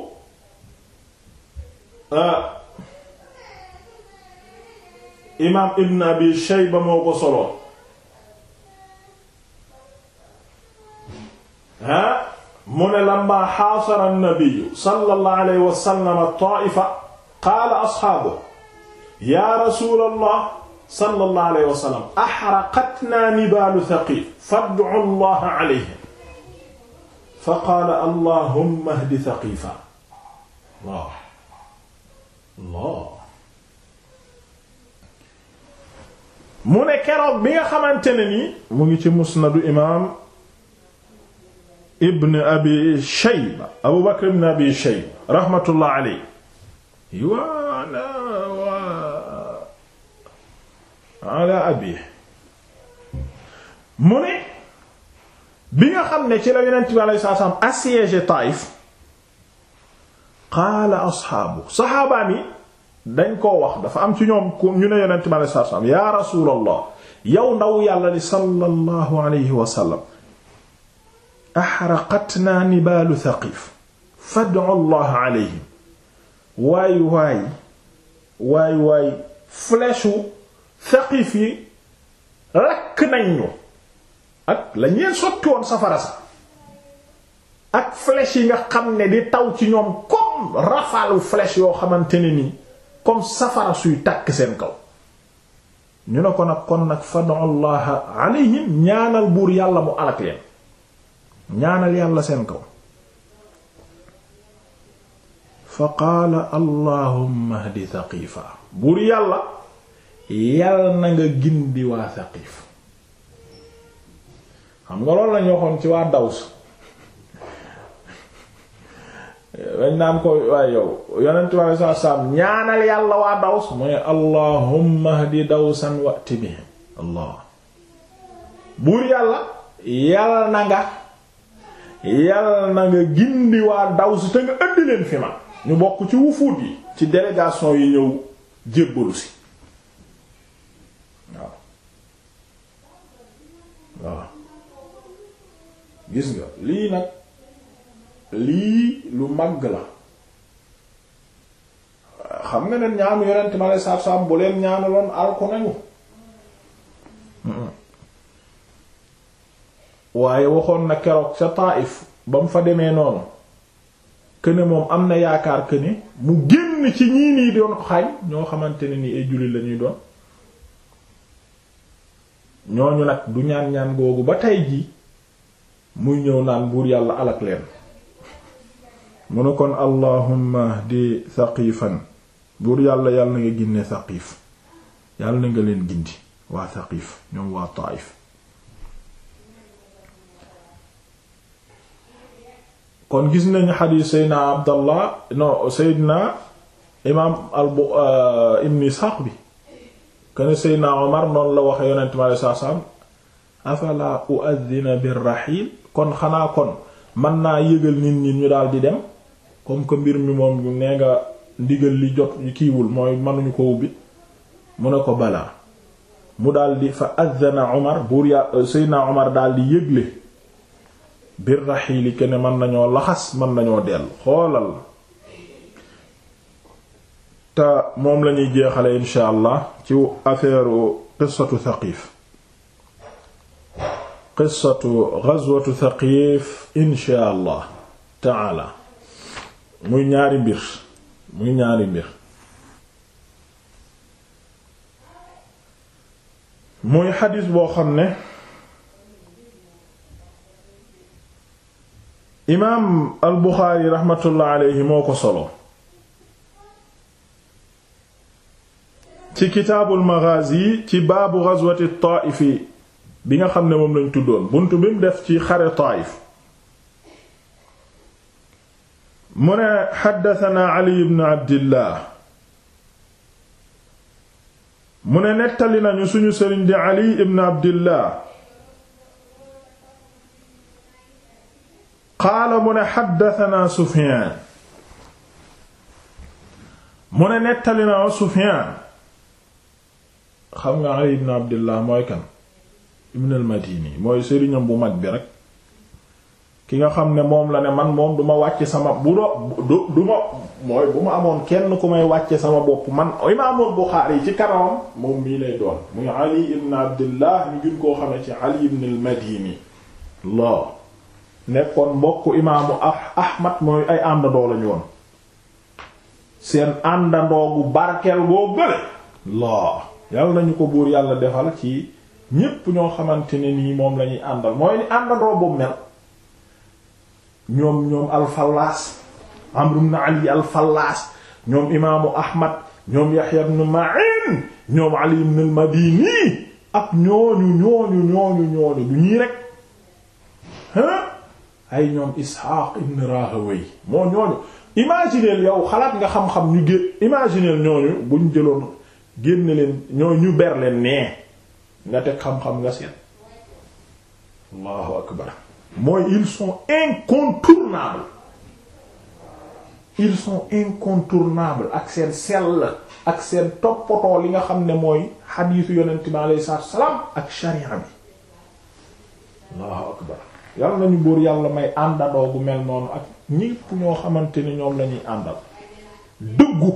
ah, imaam ibn abi shayba moo ko soloon ha mu ne lamma xaasara annabiyu sallallahu alayhi wa sallam taifa qaala asxaabu yaa rasulallah sallallahu alayhi wa sallam axraqatnaa nibaalu thaqif fad'u allaha alayhim fa qaala allahumma hdi Thaqiifa waaw waaw mu ne keroog bi nga xamante ne ni mu ngi ci musnadu imaam Ibn Abi Shayba Abu Bakr ibn Abi Shayba rahmatullah aleyhi. wa ala abiihi mu ne. bi nga xam ne ci la yonent bi alayhi salaam assiégé Taïf qaala asxaabu saxaabaan yi dañ koo wax dafa am ci ñoom ñu ne yonent bi alayhi salaam yaa rasuulallah yow ndaw yàlla li sallallahu alayhi wa sallam axraqatnaa nibaalu Saqiif fad'u Allah alayhim waay waay waay waay flèche u Saqiif yi lakk nañ ñu ak lañ leen sotti woon safara sa ak flèche yi nga xam ne di taw ci ñoom comme rafalu flèche yoo xamante ne nii comme safara suy tàkk seen kaw ñu ne ko nag kon nag fadu allah alayhim ñaanal buur yàlla mu alak leen ñaanal yàlla seen kaw fa qaala allahumma hdi thaqiifa buur yàlla yàlla na nga gindi waa thaqiif xam nga loolu lañ waxoon ci waa Daws dañ naan ko waaye yow yonent bi alei ñaanal yàlla waa Daws mu ne allahumma hdi dawsan wati bihim allah buur yàlla yàlla na nga yàlla na nga gindi waa Daws te nga ëndi leen fi ma ñu bokk ci wufuut yi ci délégation yi ñëw jébbalu si waaw waaw gis nga lii nag lii lu màgg la xam nga ne ñaanu yonent ma lay saab saab bu leen ñaanaloon alku nañu waaye waxoon na keroog sa Taif ba mu fa demee noonu këne moom am na yaakaar këne mu génn ci ñii nii doon ko ñoo xamante ne ni ay jullit lañuy doon ñooñu nag du ñaan ñaan googu ba tey jii muy ñëw naan buur yàlla alak leen mu ne kon allahumma di saqifan buur yàlla yàlla na nga ginne saqif yàlla na nga leen gindi waa saqif ñoom waa taif kon gis nañu xadiis seydna abdallah no seydna imaam al euh, ibn isxaaq bi kene seydna omar noonu la waxe yonent mi sallallahu afala u'adhina birrahil kon xanaa kon mën naa yëgal nit ñi ñu daal di dem comme que mbir mi moom nee nga ndigal li jot kiiwul mooy mënuñu ko ubbi mu ne ko balaa mu daldi fa adhana Omar buur ya euh, Seydina Omar daal di yëgle bir raxiili kenn mën nañoo laxas mën nañoo dellu xoolal te moom lañuy jeexale insha allah ci affaire qissatu saqiif qissatu ghazwatu thaqif insha allah taala muy ñaari mbir muy ñaari mbir muy xadis boo xam ne imaam al buxaari raxmatullah moo ko solo ci kitaabul maghazi ci baabu ghazwati taa'ifi bi nga xam ne moom lañ tuddoon buntu bi mu def ci xare Taayif mu ne xaddasanaa Ali ibn Abdillah mu ne nettali nañu suñu sëriñ di Ali ibn Abdillah qaala mu ne xaddasanaa Sufyaan mu ne nettali naa Sufyaan xam nga Ali ibn Abdillah mooy kan ibn madini mooy sëriñam bu mat bi rek ki nga xam ne moom la ne man moom duma wàcce sama bu do du ma mooy bu ma amoon kenn ku may wàcce sama bopp man imaamul Buxaari ci kanamam moom mii lay doon muy Ali ibn Abdillah ñu gën koo xam ci Ali ibn al-Madini la nekkoon mbokk imaamu ah, Ahmad mooy ay àndandoo lañu woon seen àndandoo gu barkeel boo gële la yàlla nañu ko buur yàlla defal ci ñépp ñoo xamante ni nii moom lañuy àndal mooy ni àndandoo boobu mel ñoom ñoom alfallaas amru ibn ali alfallaas ñoom imaamu ahmad ñoom yaxya ibn ma'in ñoom ali ibn al-madini ak ñooñu ñooñu ñooñu ñooñu du ñii rek ay ñoom isxaaq ibn rahaway moo ñooñu imagineel yow xalaat nga xam-xam ñu gé imagineel ñooñu buñ jëloon génn leen ñooy ñu ber leen nee nga teg xam-xam nga seet allahu akbar mooy ils sont incontournables ils sont incontournables ak seen sell ak seen toppatoo li nga xam ne mooy xadiisu yonent bi alayhi salaatu salaam ak sharia bi yàlla nañu buur yàlla may àndandoo gu mel noonu ak ñépp ñoo xamante ni ñoom lañuy àndal dëggu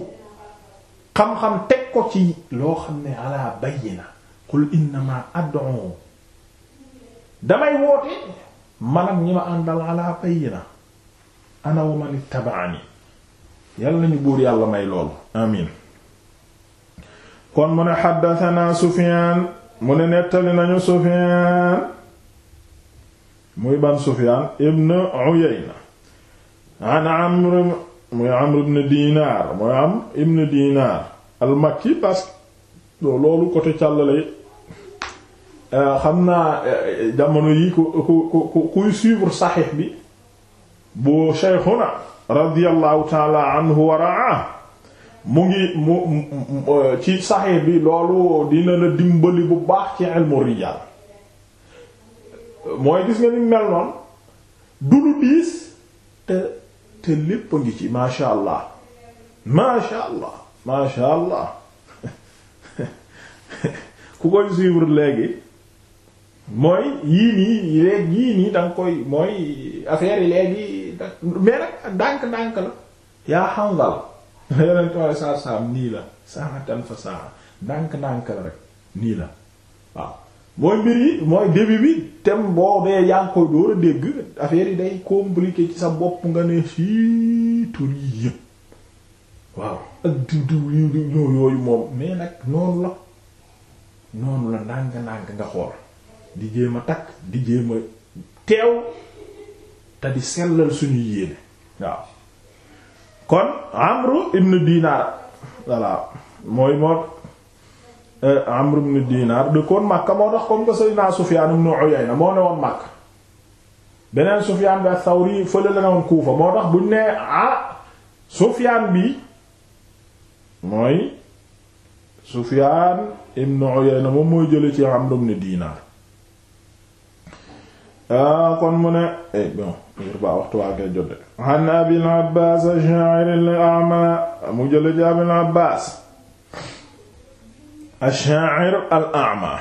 xam-xam teg ko ci loo xam ne ala na qul innama ad'u damay woote man ñi ma àndal ala bayyina na wa man ittaba'ani yàlla nañu buur yàlla may loolu amin kon mu ne xaddatanaa sufiyaan mu ne nettali nañu sufiyaan muy ban sufiyaan ibn uyayna an amr muy amr ibn dinaar muy am ibn dinaar al makki parce que loolu côté càllale Euh, xam naa euh, jamono yi ku ku ku kuy suivre saxiix bi bu shaykhuna radiyallahu taala anhu wa mu ngi mu euh, ci saxiix bi loolu dina la dimbali bu baax ci ilmu rijaal mooy gis nga ni mel noonu du lu diis te te lépp ngi ci maasha allah maasha allah maasha allah ku koy suivre léegi mooy yii nii léegi yii nii da koy mooy affaire yi léegi mais nag ndànk-ndànk la yaa xangal yeneen tool saar saam nii la saatan fa saa ndànk-ndànk la rek nii la waaw mooy mbir yi mooy début bi te boo dee yaa ngi koy door a dégg affaire yi day compliqué ci sa bopp nga ne fii tur yi yëpp waaw ak diw diw yi yooyu moom mais nag noonu la noonu la ndànk-ndànk nga xool di jéem a takk di jéem teew te di sellal suñu yéene waaw kon Amru ibn Dinar voilà mooy moo euh, Amru ibn Dinar dëkkoon Makka moo tax comme que Seydina Sufyaan ibn Uyayna moo ne woon Makka bi as-Sawri ah, moom mooy jële ci Amru ibn Dinar ah kon mu ne eh bon ngir baa waxtu waa koy an abil abbaas ash-sha'ir al-a'ma mu jële ci abil abbaas ash-sha'ir al-a'ma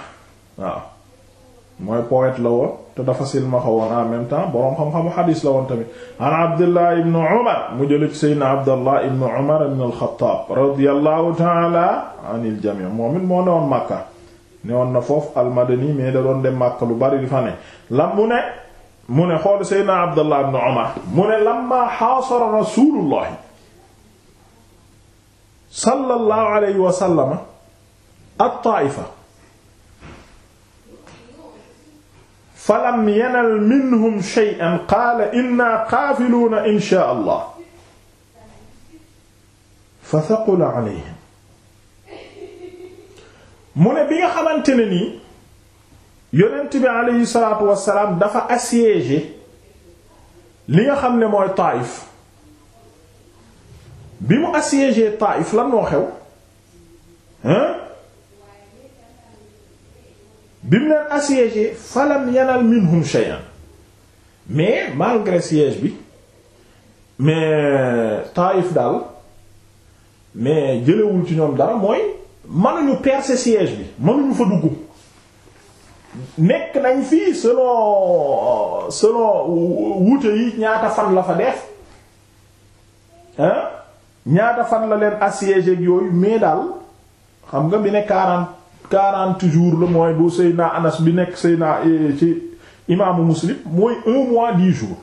mooy poète la woon te dafa silmaxa woon en même boroom xam-xamu xadiis la woon tamit an abdullah ibn umar mu jële abdullah ibn umar ibn al-khattab ta'ala anil jami' moom it moo ne woon makka newoon na foofu almadani mais da doon dem Makka lu bari di fa ne lam mu ne mu ne xool seydna abdullah ibn umar mu ne lamma xaasara rasulullahi sallallahu alayhi wa sallama at-taa'ifa falam yanal minhum shay'an qaala inna qaafiluuna inshaa allah fa thaqula alayhim mu ne bi nga xamante ne nii yonent bi aleyhi salaatu wassalaam dafa assiégé li nga xam ne mooy Taïf bi mu assiégé Taïf lan moo xew hein bi mu leen assiégé falam yanal minhum shay'an mais malgré siège bi mais Taïf daal mais jëlewul ci ñoom dara mooy mënuñu percer siège bi mënuñu fa dugg nekk nañ fii selon selon wuute yi ñaata fan la fa def hein ñaata fan la leen assiégé ak yooyu mais daal xam nga bi ne quarante quarante jour la mooy bu Seyna Anas bi nekk Seyna eh, ci imaamu Muslim mooy un mois dix jour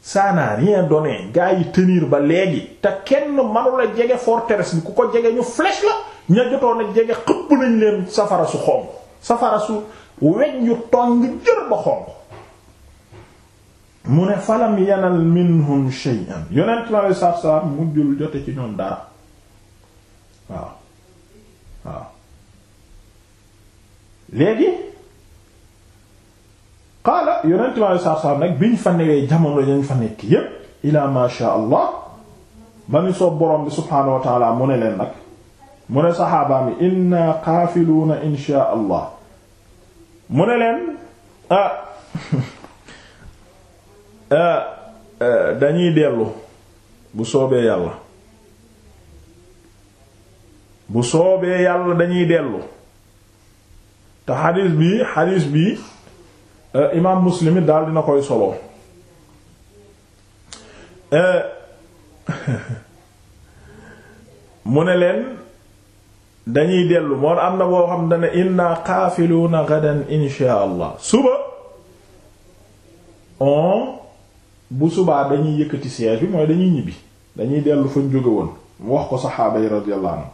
ça n'a rien donné gars yi tenir ba léegi te kenn mënu la jege forteresse bi ku ko jege ñu flèche la ña jotoon a jege xëpp nañ leen safara su xonq safara su weñ yu tong jër ba xonq mu ne falam yanal minhum shay'an yonent mi alei salaatu salaam mujjul jote ci ñoom dara waaw waaw léegi qaala yonent mi alei salaatu salaam nag biñ fa newee jamono dañ fa nekk yépp ilaa ma sha allah ba ni soob borom bi subhaanahu wa mu ne leen nag mu ne saxaabaam yi inna qaafiluuna inshaa allah mu ne leen ah, ah, ah dañuy dellu bu soobee yàlla bu soobee yàlla dañuy dellu te xadiis bi xadiis bi ah, imaam muslim it daal dina koy solo eh, mu ne leen dañuy dellu moon am na boo xam ne inna qaafiluuna gadan insha allah suba bu subaa dañuy yëkkati siège bi mooy dañuy ñibbi dañuy dellu fañ jóge woon mu wax ko saxaaba yi radiyallahu anhu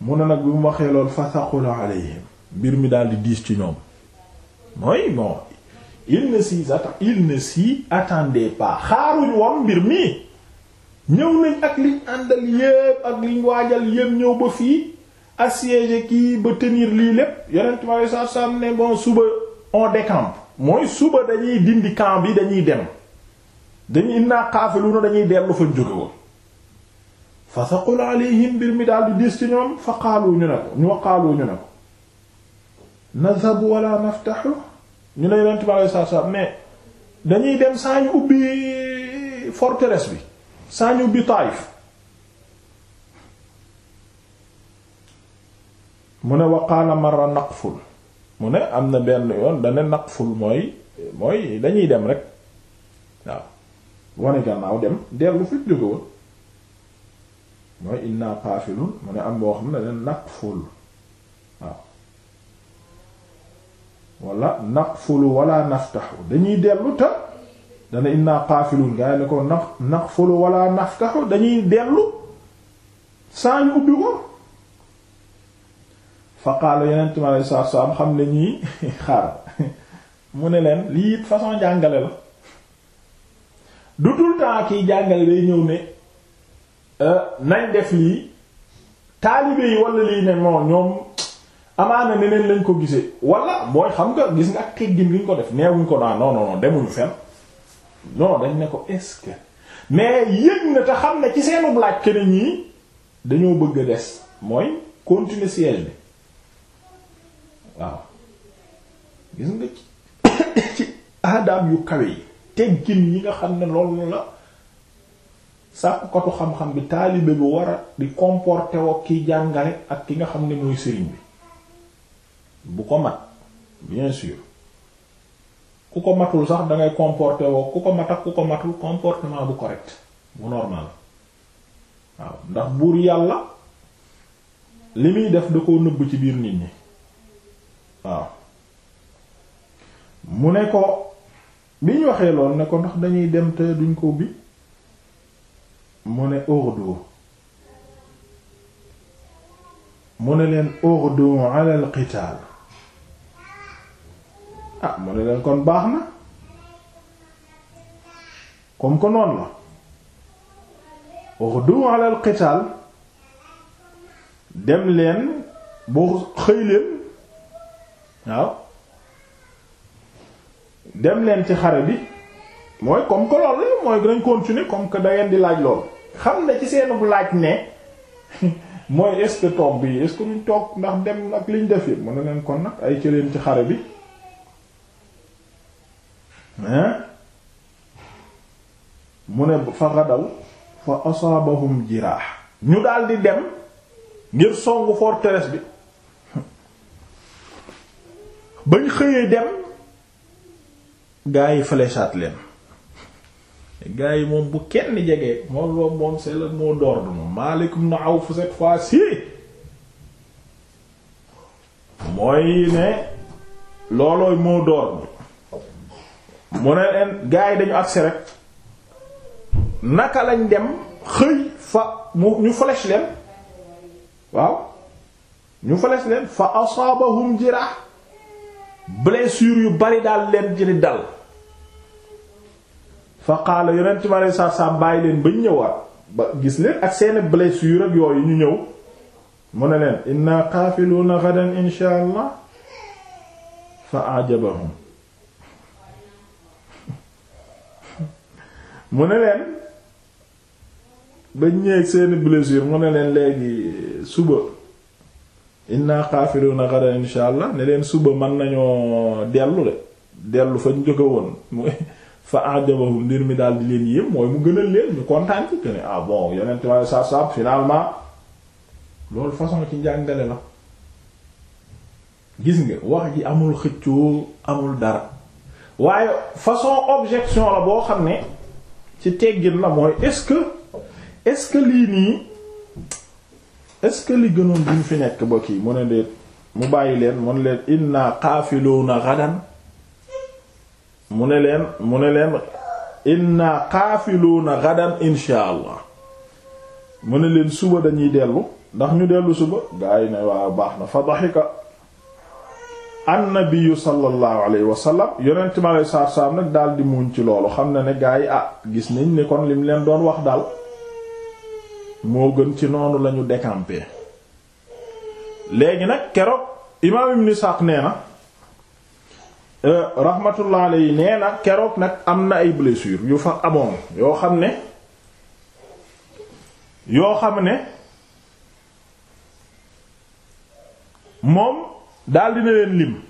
mu ne nag bi mu waxee lool fa thaqula alayhim mbir mi daal di diis ci ñoom mooy bon il ne s'y attend il ne s'y attendait pas xaaruñu woon mbir mi ñëw nañ ak liñ àndal yépp ak liñ waajal yépp ñëw ba fii assiéger kii ba tenir lii lépp yonent mi aleyhi salaatu salaam ne bon suba on décampe mooy suba dañuy dindi camp bi dañuy dem dañuy innaa qaafiluuna dañuy dellu fa jóge woon fa saqul alayhim mbir mi daal di diis ci ñoom fa qaalu ñu ne ko ñu wa qaalu ñu ne ko nadhabu wala naftahu ñu ne yonent mi aleyhi salaatu salaam mais dañuy dem saa ñu ubbi forteresse bi saa ñu bi Taayif mu ne waqaala marra naqful mu ne am na benn yoon dane naqful mooy mooy dañuy dem rek waaw wane gannaaw dem dellu fi jóge woon mooy inna qaafilun mu ne am boo xam ne dane naqful waaw wala naqfulu wala naftaxu dañuy dellu ta dana inna qaafilun gaa yi ko nax naxfulu wala naftaxu dañuy dellu saa ñu ubbi ko fa qaala yeneen time alay saab saab xam ne ñii xaar mu ne leen lii it façon jàngale la du tout le temps kiy jàngale day ñëw ne euh, nañ def lii taalibe yi wala lii ne moo ñoom amaana neneen lañ ko gisee wala mooy xam nga gis nga ak teggin ko def neewuñ ko naa non non non demuñu fenn non dañ ne ko est-ce que mais yëg na te xam ne ci seenub laaj ke ne dañoo bëgg a des mooy continuer bi waaw gis nga ci ci aadaam yu kawe yi teggin yi nga xam ne loolu la sàkkukatu xam-xam bi taalibe bu war a di comporter woo kiy jàngale ak ki nga xam ne mooy sëriñ bi bu ko mag bien sûr ku ko matul sax da ngay comporter woo ku ko mat ak ku ko matul comportement bu correct bu normal waaw ndax buur yàlla li muy def da ko nëbb ci biir nit ñi waaw mu ne ko bi ñu waxee lool ne ko ndax dañuy dem te duñ ko bi mu ne urdu mu ne leen urdu ala al qital ah mu ne leen kon baax na comme que noonu la ughdu ala al qital dem leen boo xëy leen waaw dem leen ci xare bi mooy comme que loolu la mooy dañ continuer comme que da ngeen di laaj lool xam ne ci seenu laaj ne mooy est toog bi est-ce ñu toog ndax dem ak liñ def yëpp mu ne leen kon nag ay ci ci xare bi mu ne fa xadaw fa asaabahum jiraax ñu daldi dem ngir songu forteresse bi bañ xëyee dem gaa yi fléchaat leen gaa yi moom bu kenn jege moom moom moom c'est le mot d'ordre moom maalikum na aw fu cette fois-ci mooy ne loolooy mot d'ordre mu ne leen gars yi dañu agsi rek naka lañ dem xëy fa mu ñu flèche leen waaw ñu flèche leen fa asaabahum jirah blessure yu bari daal leen ci dal fa qaala yonent ma lay saa saa bàyyi leen ba ñëwaat ba gis leen ak seen blessure ak yooyu ñu ñëw mu ne leen inna qaafiluuna gadan insha allah fa ajabahum mu ne leen ba ñëwee seeni blessure mu ne leen léegi suba inna xaafiruna gadan insha allah ne leen suba mën nañoo dellu de dellu fañ jóge woon mooy fa ajabahum mbir mi daal di leen yéem mooy mu gënal leen ñu kontaan ci que ne ah bon yeneen tamit saab saab finalement loolu façon ci njàngale la gis nga wax ji amul xëccoo amul dara waaye façon objection la boo xam ne. ci teggin la mooy est-ce que est-ce que lii nii est-ce que li gënoon duñ fi nekk ba kii mu ne leen mu bàyyi leen mu ne leen inna qaafiluuna ghadan mu ne leen mu ne leen inna qaafiluuna ghadan insha allah mu ne leen suba dañuy dellu ndax ñu dellu suba gaa yi ne baax na fa daxika annabiyu sallallahu alayhi wa sallam yonent mi alayhi salaatu salaam nag daal di muñ ci loolu xam na ne gaa yi ah, gis nañ ni kon lim leen doon wax daal moo gën ci noonu lañu décampé léegi nag keroog imaam ibn Isaaq nee na euh, rahmatullah alayhi nee na keroog nag am na ay blessure yu fa amoon yoo xam ne yoo xam ne moom daal dina leen lim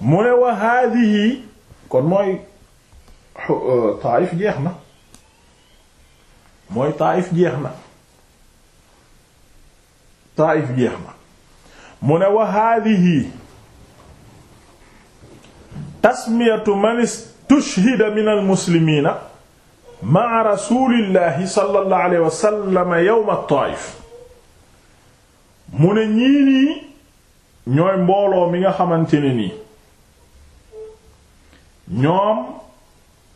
mu ne wa haadihi kon mooy euh, Taayif jeex na mooy Taayif jeex na Taayif jeex na mu ne wa haadihi tasmiyatu man istushhida min almuslimiina ma'a rasuulillahi sallallahu alayhi wa sallam yawma Taayif mu ne ñii nii ñooy mbooloo mi nga xamante ne nii ñoom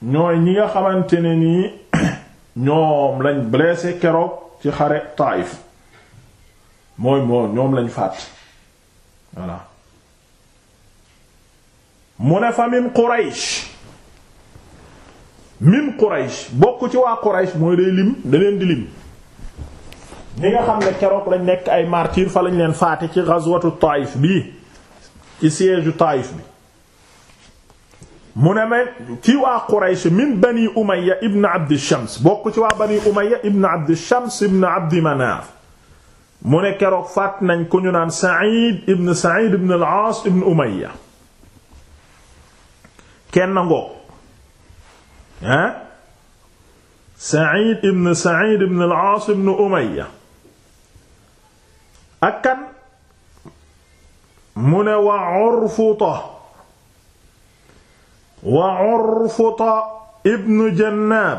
ñooy ñi nga xamante ne nii ñoom lañ blessé keroog ci xare Taif mooy moo ñoom lañ fàtt voilà mu ne fa min Quraysh min Quraysh bokk ci waa Quraysh mooy day lim da di lim ñi nga xam ne keroog lañ nekk ay martyr fa lañ leen faate ci ghazwatu Taif bi ci siège Taif bi mu ne ma ci waa Quraysh min bani Umayya ibn Abd Shams bokk ci waa bani Umayya ibn Abd Shams ibn Abd Manaf mu ne keroog faat nañ ku ñu naan Sa'id ibn Sa'id ibn al-As ibn Umayya kenn ngoog ah Sa'id ibn Sa'id ibn al-As ibn Umayya ak kan mu ne wa Urfuta wa Urfuta ibnu Jannaab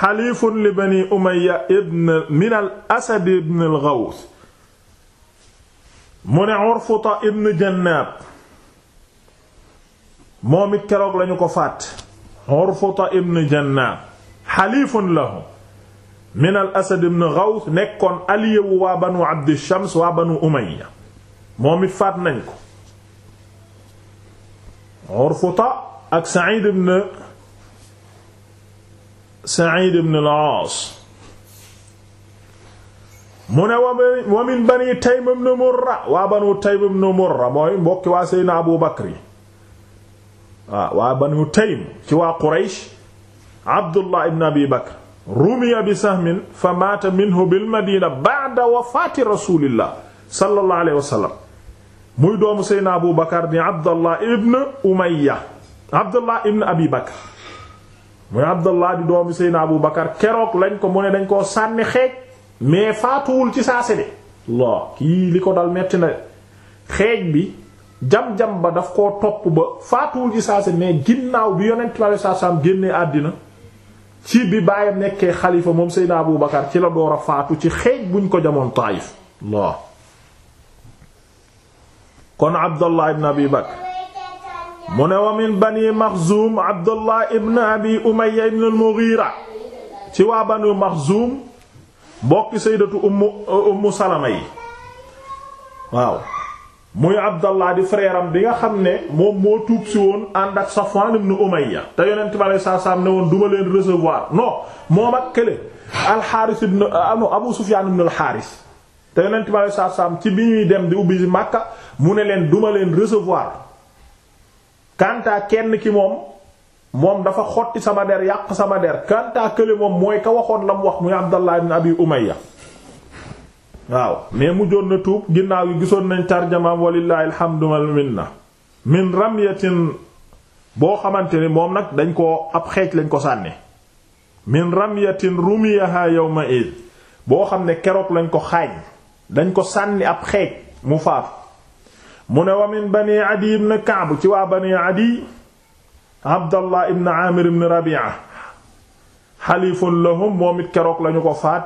xalifun li bani Umayya ibn min al Asad ibn al Ghaws mu ne Urfuta ibnu Jannaab moom it keroog lañu ko faat Urfuta ibnu Jannaab xalifun lahu min al asad ibn Ghawth nekkoon aliyewu waa banu Abd Shams waa banu Umayya moom it faat nañ ko Urfuta ak Sa'id ibn Sa'id ibn al-Aas mu ne wa min bani Taym ibn Murra waa banu Taym ibn Murra mooy mbokki waa Seydina Abu Bakr waa waa banu Taym ci waa Quraysh Abdullah ibn Abi Bakr rumiya bi sahmin fa maata minhu bil madina ba'da wafaati rasulillah sallallahu alayhi wa sallam muy doomu seydna abu bakar di abdallah ibn umayya abdallah ibn abi bakar muy abdallah di doomu seydna abu bakar keroog lañ ko mu ne dañ koo sànni xeej mais faatuwul ci saase de kii li ko dal metti na xeej bi jam-jam ba daf koo topp ba faatuwul ci saase mais ginnaaw bi yonent bi sallallahu alayhi wa génnee àddina ci bi baayam nekkee xalifa moom Seydina Abu Bakar ci la door faatu ci xeej buñ ko jamoon Taayif kon Abdallah ibn Abi Bakr mu ne wa min bani Maxzuum Abdallah ibn Abi Umayya ibn al-Mughira ci waa banu Maxzuum bokki Sayyidatu Ummu Ummu Salama yi waaw muy abdallah di frère am bi nga xam ne moom moo tuub si woon ànd ak Safwan ibn Umayya te yonent bi alei saatu salaam ne woon duma leen recevoir non moom ak kële alxaaris ibn ah, Abu Sufyan ibn alxaaris te yonent bi alei saatu salaam ci bi ñuy dem di ubbi si Makka mu ne leen duma leen recevoir kanta kenn ki moom moom dafa xotti sama der yàq sama der kanta kële moom mooy ka waxoon la mu wax muy abdallah ibn abi Umayya waaw mais mujjoon na tuub ginnaaw yi gisoon nañ tarjamaam walillahi alhamdu wal minna ramyatin boo xamante ni moom nag dañ ko ab xeej lañ ko sànni min ramyatin rumiyaha yawma id boo xam ne keroog lañ ko xaaj dañ ko sànni ab xeej mu faatu mu ne wa min bani adi ibn ka'b ci waa bani adi abdallah ibn amir ibn rabi'a xalifun lahum moom it keroog lañu ko faat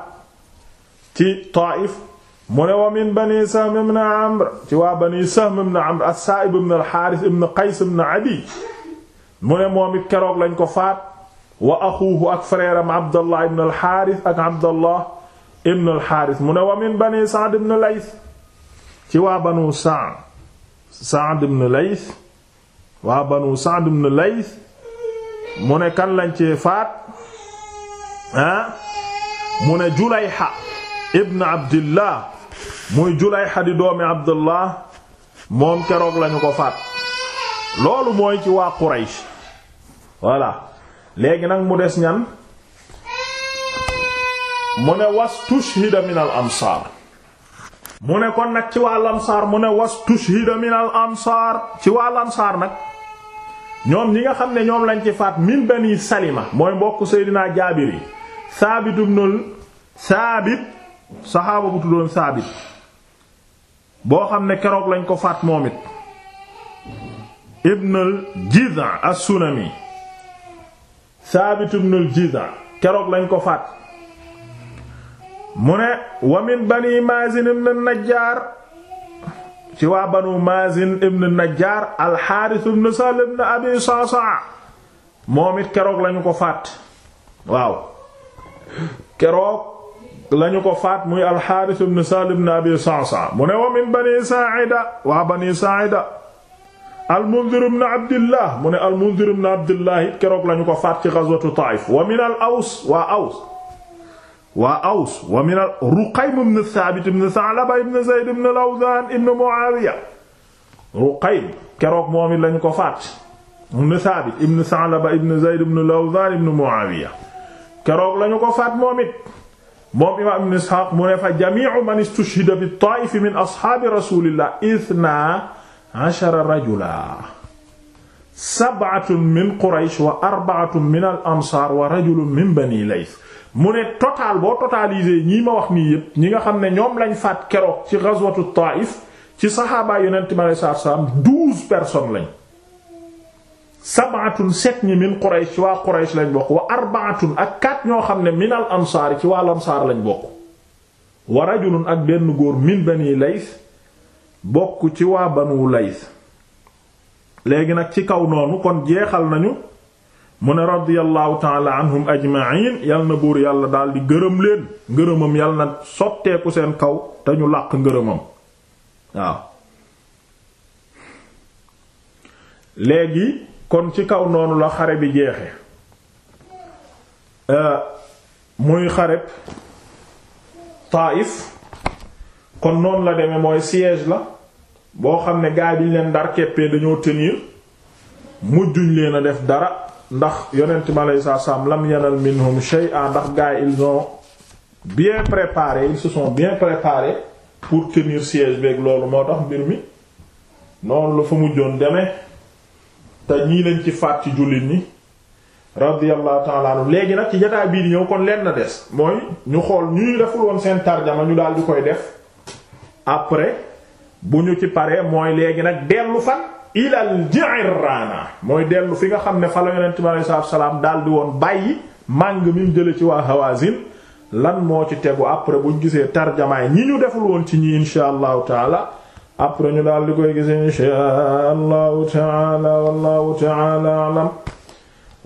ci Taif mu ne wa min bani sahm ibn amr ci waa bani al-harith ibn qays ibn adi mu moom it keroog lañ ko faat wa axuuhu ak frère am abdallah ibn al-harith ak abdallah ibn al-harith mu wa min bani sa'd ibn layth ci waa banu sa'd sa'd ibn layth waa banu sa'd ibn layth mu kan lañ ci faat ah mu ne ibn abdillah muy julayxa di doomi abdullah moom keroog lañu ko faat loolu mooy ci waa quraysh voilà léegi nag mu des ñan mu ne was tushhida min al ansaar mu ne kon nag ci waa lamsaar mu ne was tushhida min ansaar ci waa lamsaar nag ñoom ñi nga xam ne ñoom lañ ci faat min bani salima mooy mbokk seydinaa jaabir yi saabit ibnul saabit saxaaba bu tuddoon saabit boo xam ne keroog lañ ko faat moom it ibn al Jizaa saabit ibn al keroog lañ ko faat mu ne wa min bani Maazin ibn Najjaar ci waa banu Maazin ibn Najjaar al Haaris ibn Sahl ibn moom it keroog lañu ko faat waaw keroog lañu ko fat muy alxaaris ibn Sahl ibn Abi Sa'sa mu ne wa min bani Sa'ida waa bani Sa'ida al-Mundhir ibn Abdillah mu ne al-Mundhir ibn Abdillah it keroog lañu ko faat ci Taif wa min al-Aws waa Aws waa Aws Ruqaym ibn Thabit ibn Tha'laba ibn Zayd ibn Lawdhan ibn Mu'awiya Ruqaym keroog moom it lañu ko faat ibn Thabit ibn Tha'laba ibn Zayd ibn Lawdhan ibn Mu'awiya keroog lañu ko faat moom moom imaam ibn Isxaaq mu ne fa jamii'u man istushhida bi Taa'if min ashaabi rasuulillah isnaa ashara rajulan sab'atun min Quraysh wa arba'atun min al-ansaar wa rajulun min Banii Layth mu ne total boo totalisé ñii ma wax nii yépp ñi nga xam ne ñoom lañ faat keroog ci ghazwatu Taa'if ci saxaabaa Yonent mi alayhi salaatu wa salaam douze lañ. sabaatun set ñi min Quraysh ci waa Quraysh lañ bokk wa arbaatun ak quatre ñoo xam ne min al ansaar ci waa lansaar lañ bokk wa rajulun ak benn góor min bani Layth bokk ci waa banu Layth léegi nag ci kaw noonu kon jeexal nañu mu ne radiyallahu taala anhum yal na buur yàlla daal di gërëm leen ngërëmam yal na sotteeku seen kaw te ñu làq ngërëmam waaw léegi kon ci kaw noonu la xare bi jeexe euh, muy xareb Taif kon noonu la demee mooy siège la boo xam ne gaay bi ñu leen ndar keppee dañoo tenir mujjuñ leen a def dara ndax yonent mi aleyhi salaatu salaam lam yanal minhum shay'an ndax gaay ils ont bien préparé ils se sont bien préparés pour tenir siège beeg loolu moo tax mbir mi noonu la fa mujjoon demee te ñii lañ ci faat ci jullit ñi radiyallahu ta'ala léegi nag ci jotaay bii di ñëw kon leen na des mooy ñu xool ñu ñu deful woon seen tarjama ñu daal di koy def après bu ñu ci paree mooy léegi nag dellu fan ilal Ji'irraana mooy dellu fi nga xam ne fa la yonent bi alayhi salaatu wa salaam daal di woon bàyyi màng mi mu jële ci waa Hawaazin lan moo ci tegu après buñ gisee tarjamaay ñi ñu deful woon ci ñi insha allahu taala après ñu daal di koy gis inshaa allahu taala wallahu taala alam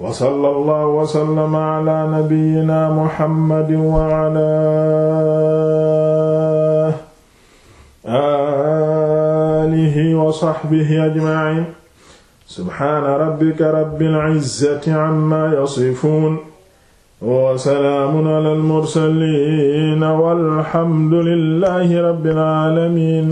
wa sallallahu wa sallama ala nabiyyina muhammadin wa ala alihi wa sahbihi ajma'in subhana rabbika rabbil izzati amma yasifun wa salaamun ala al mursalin walhamdulillahi rabbil alamin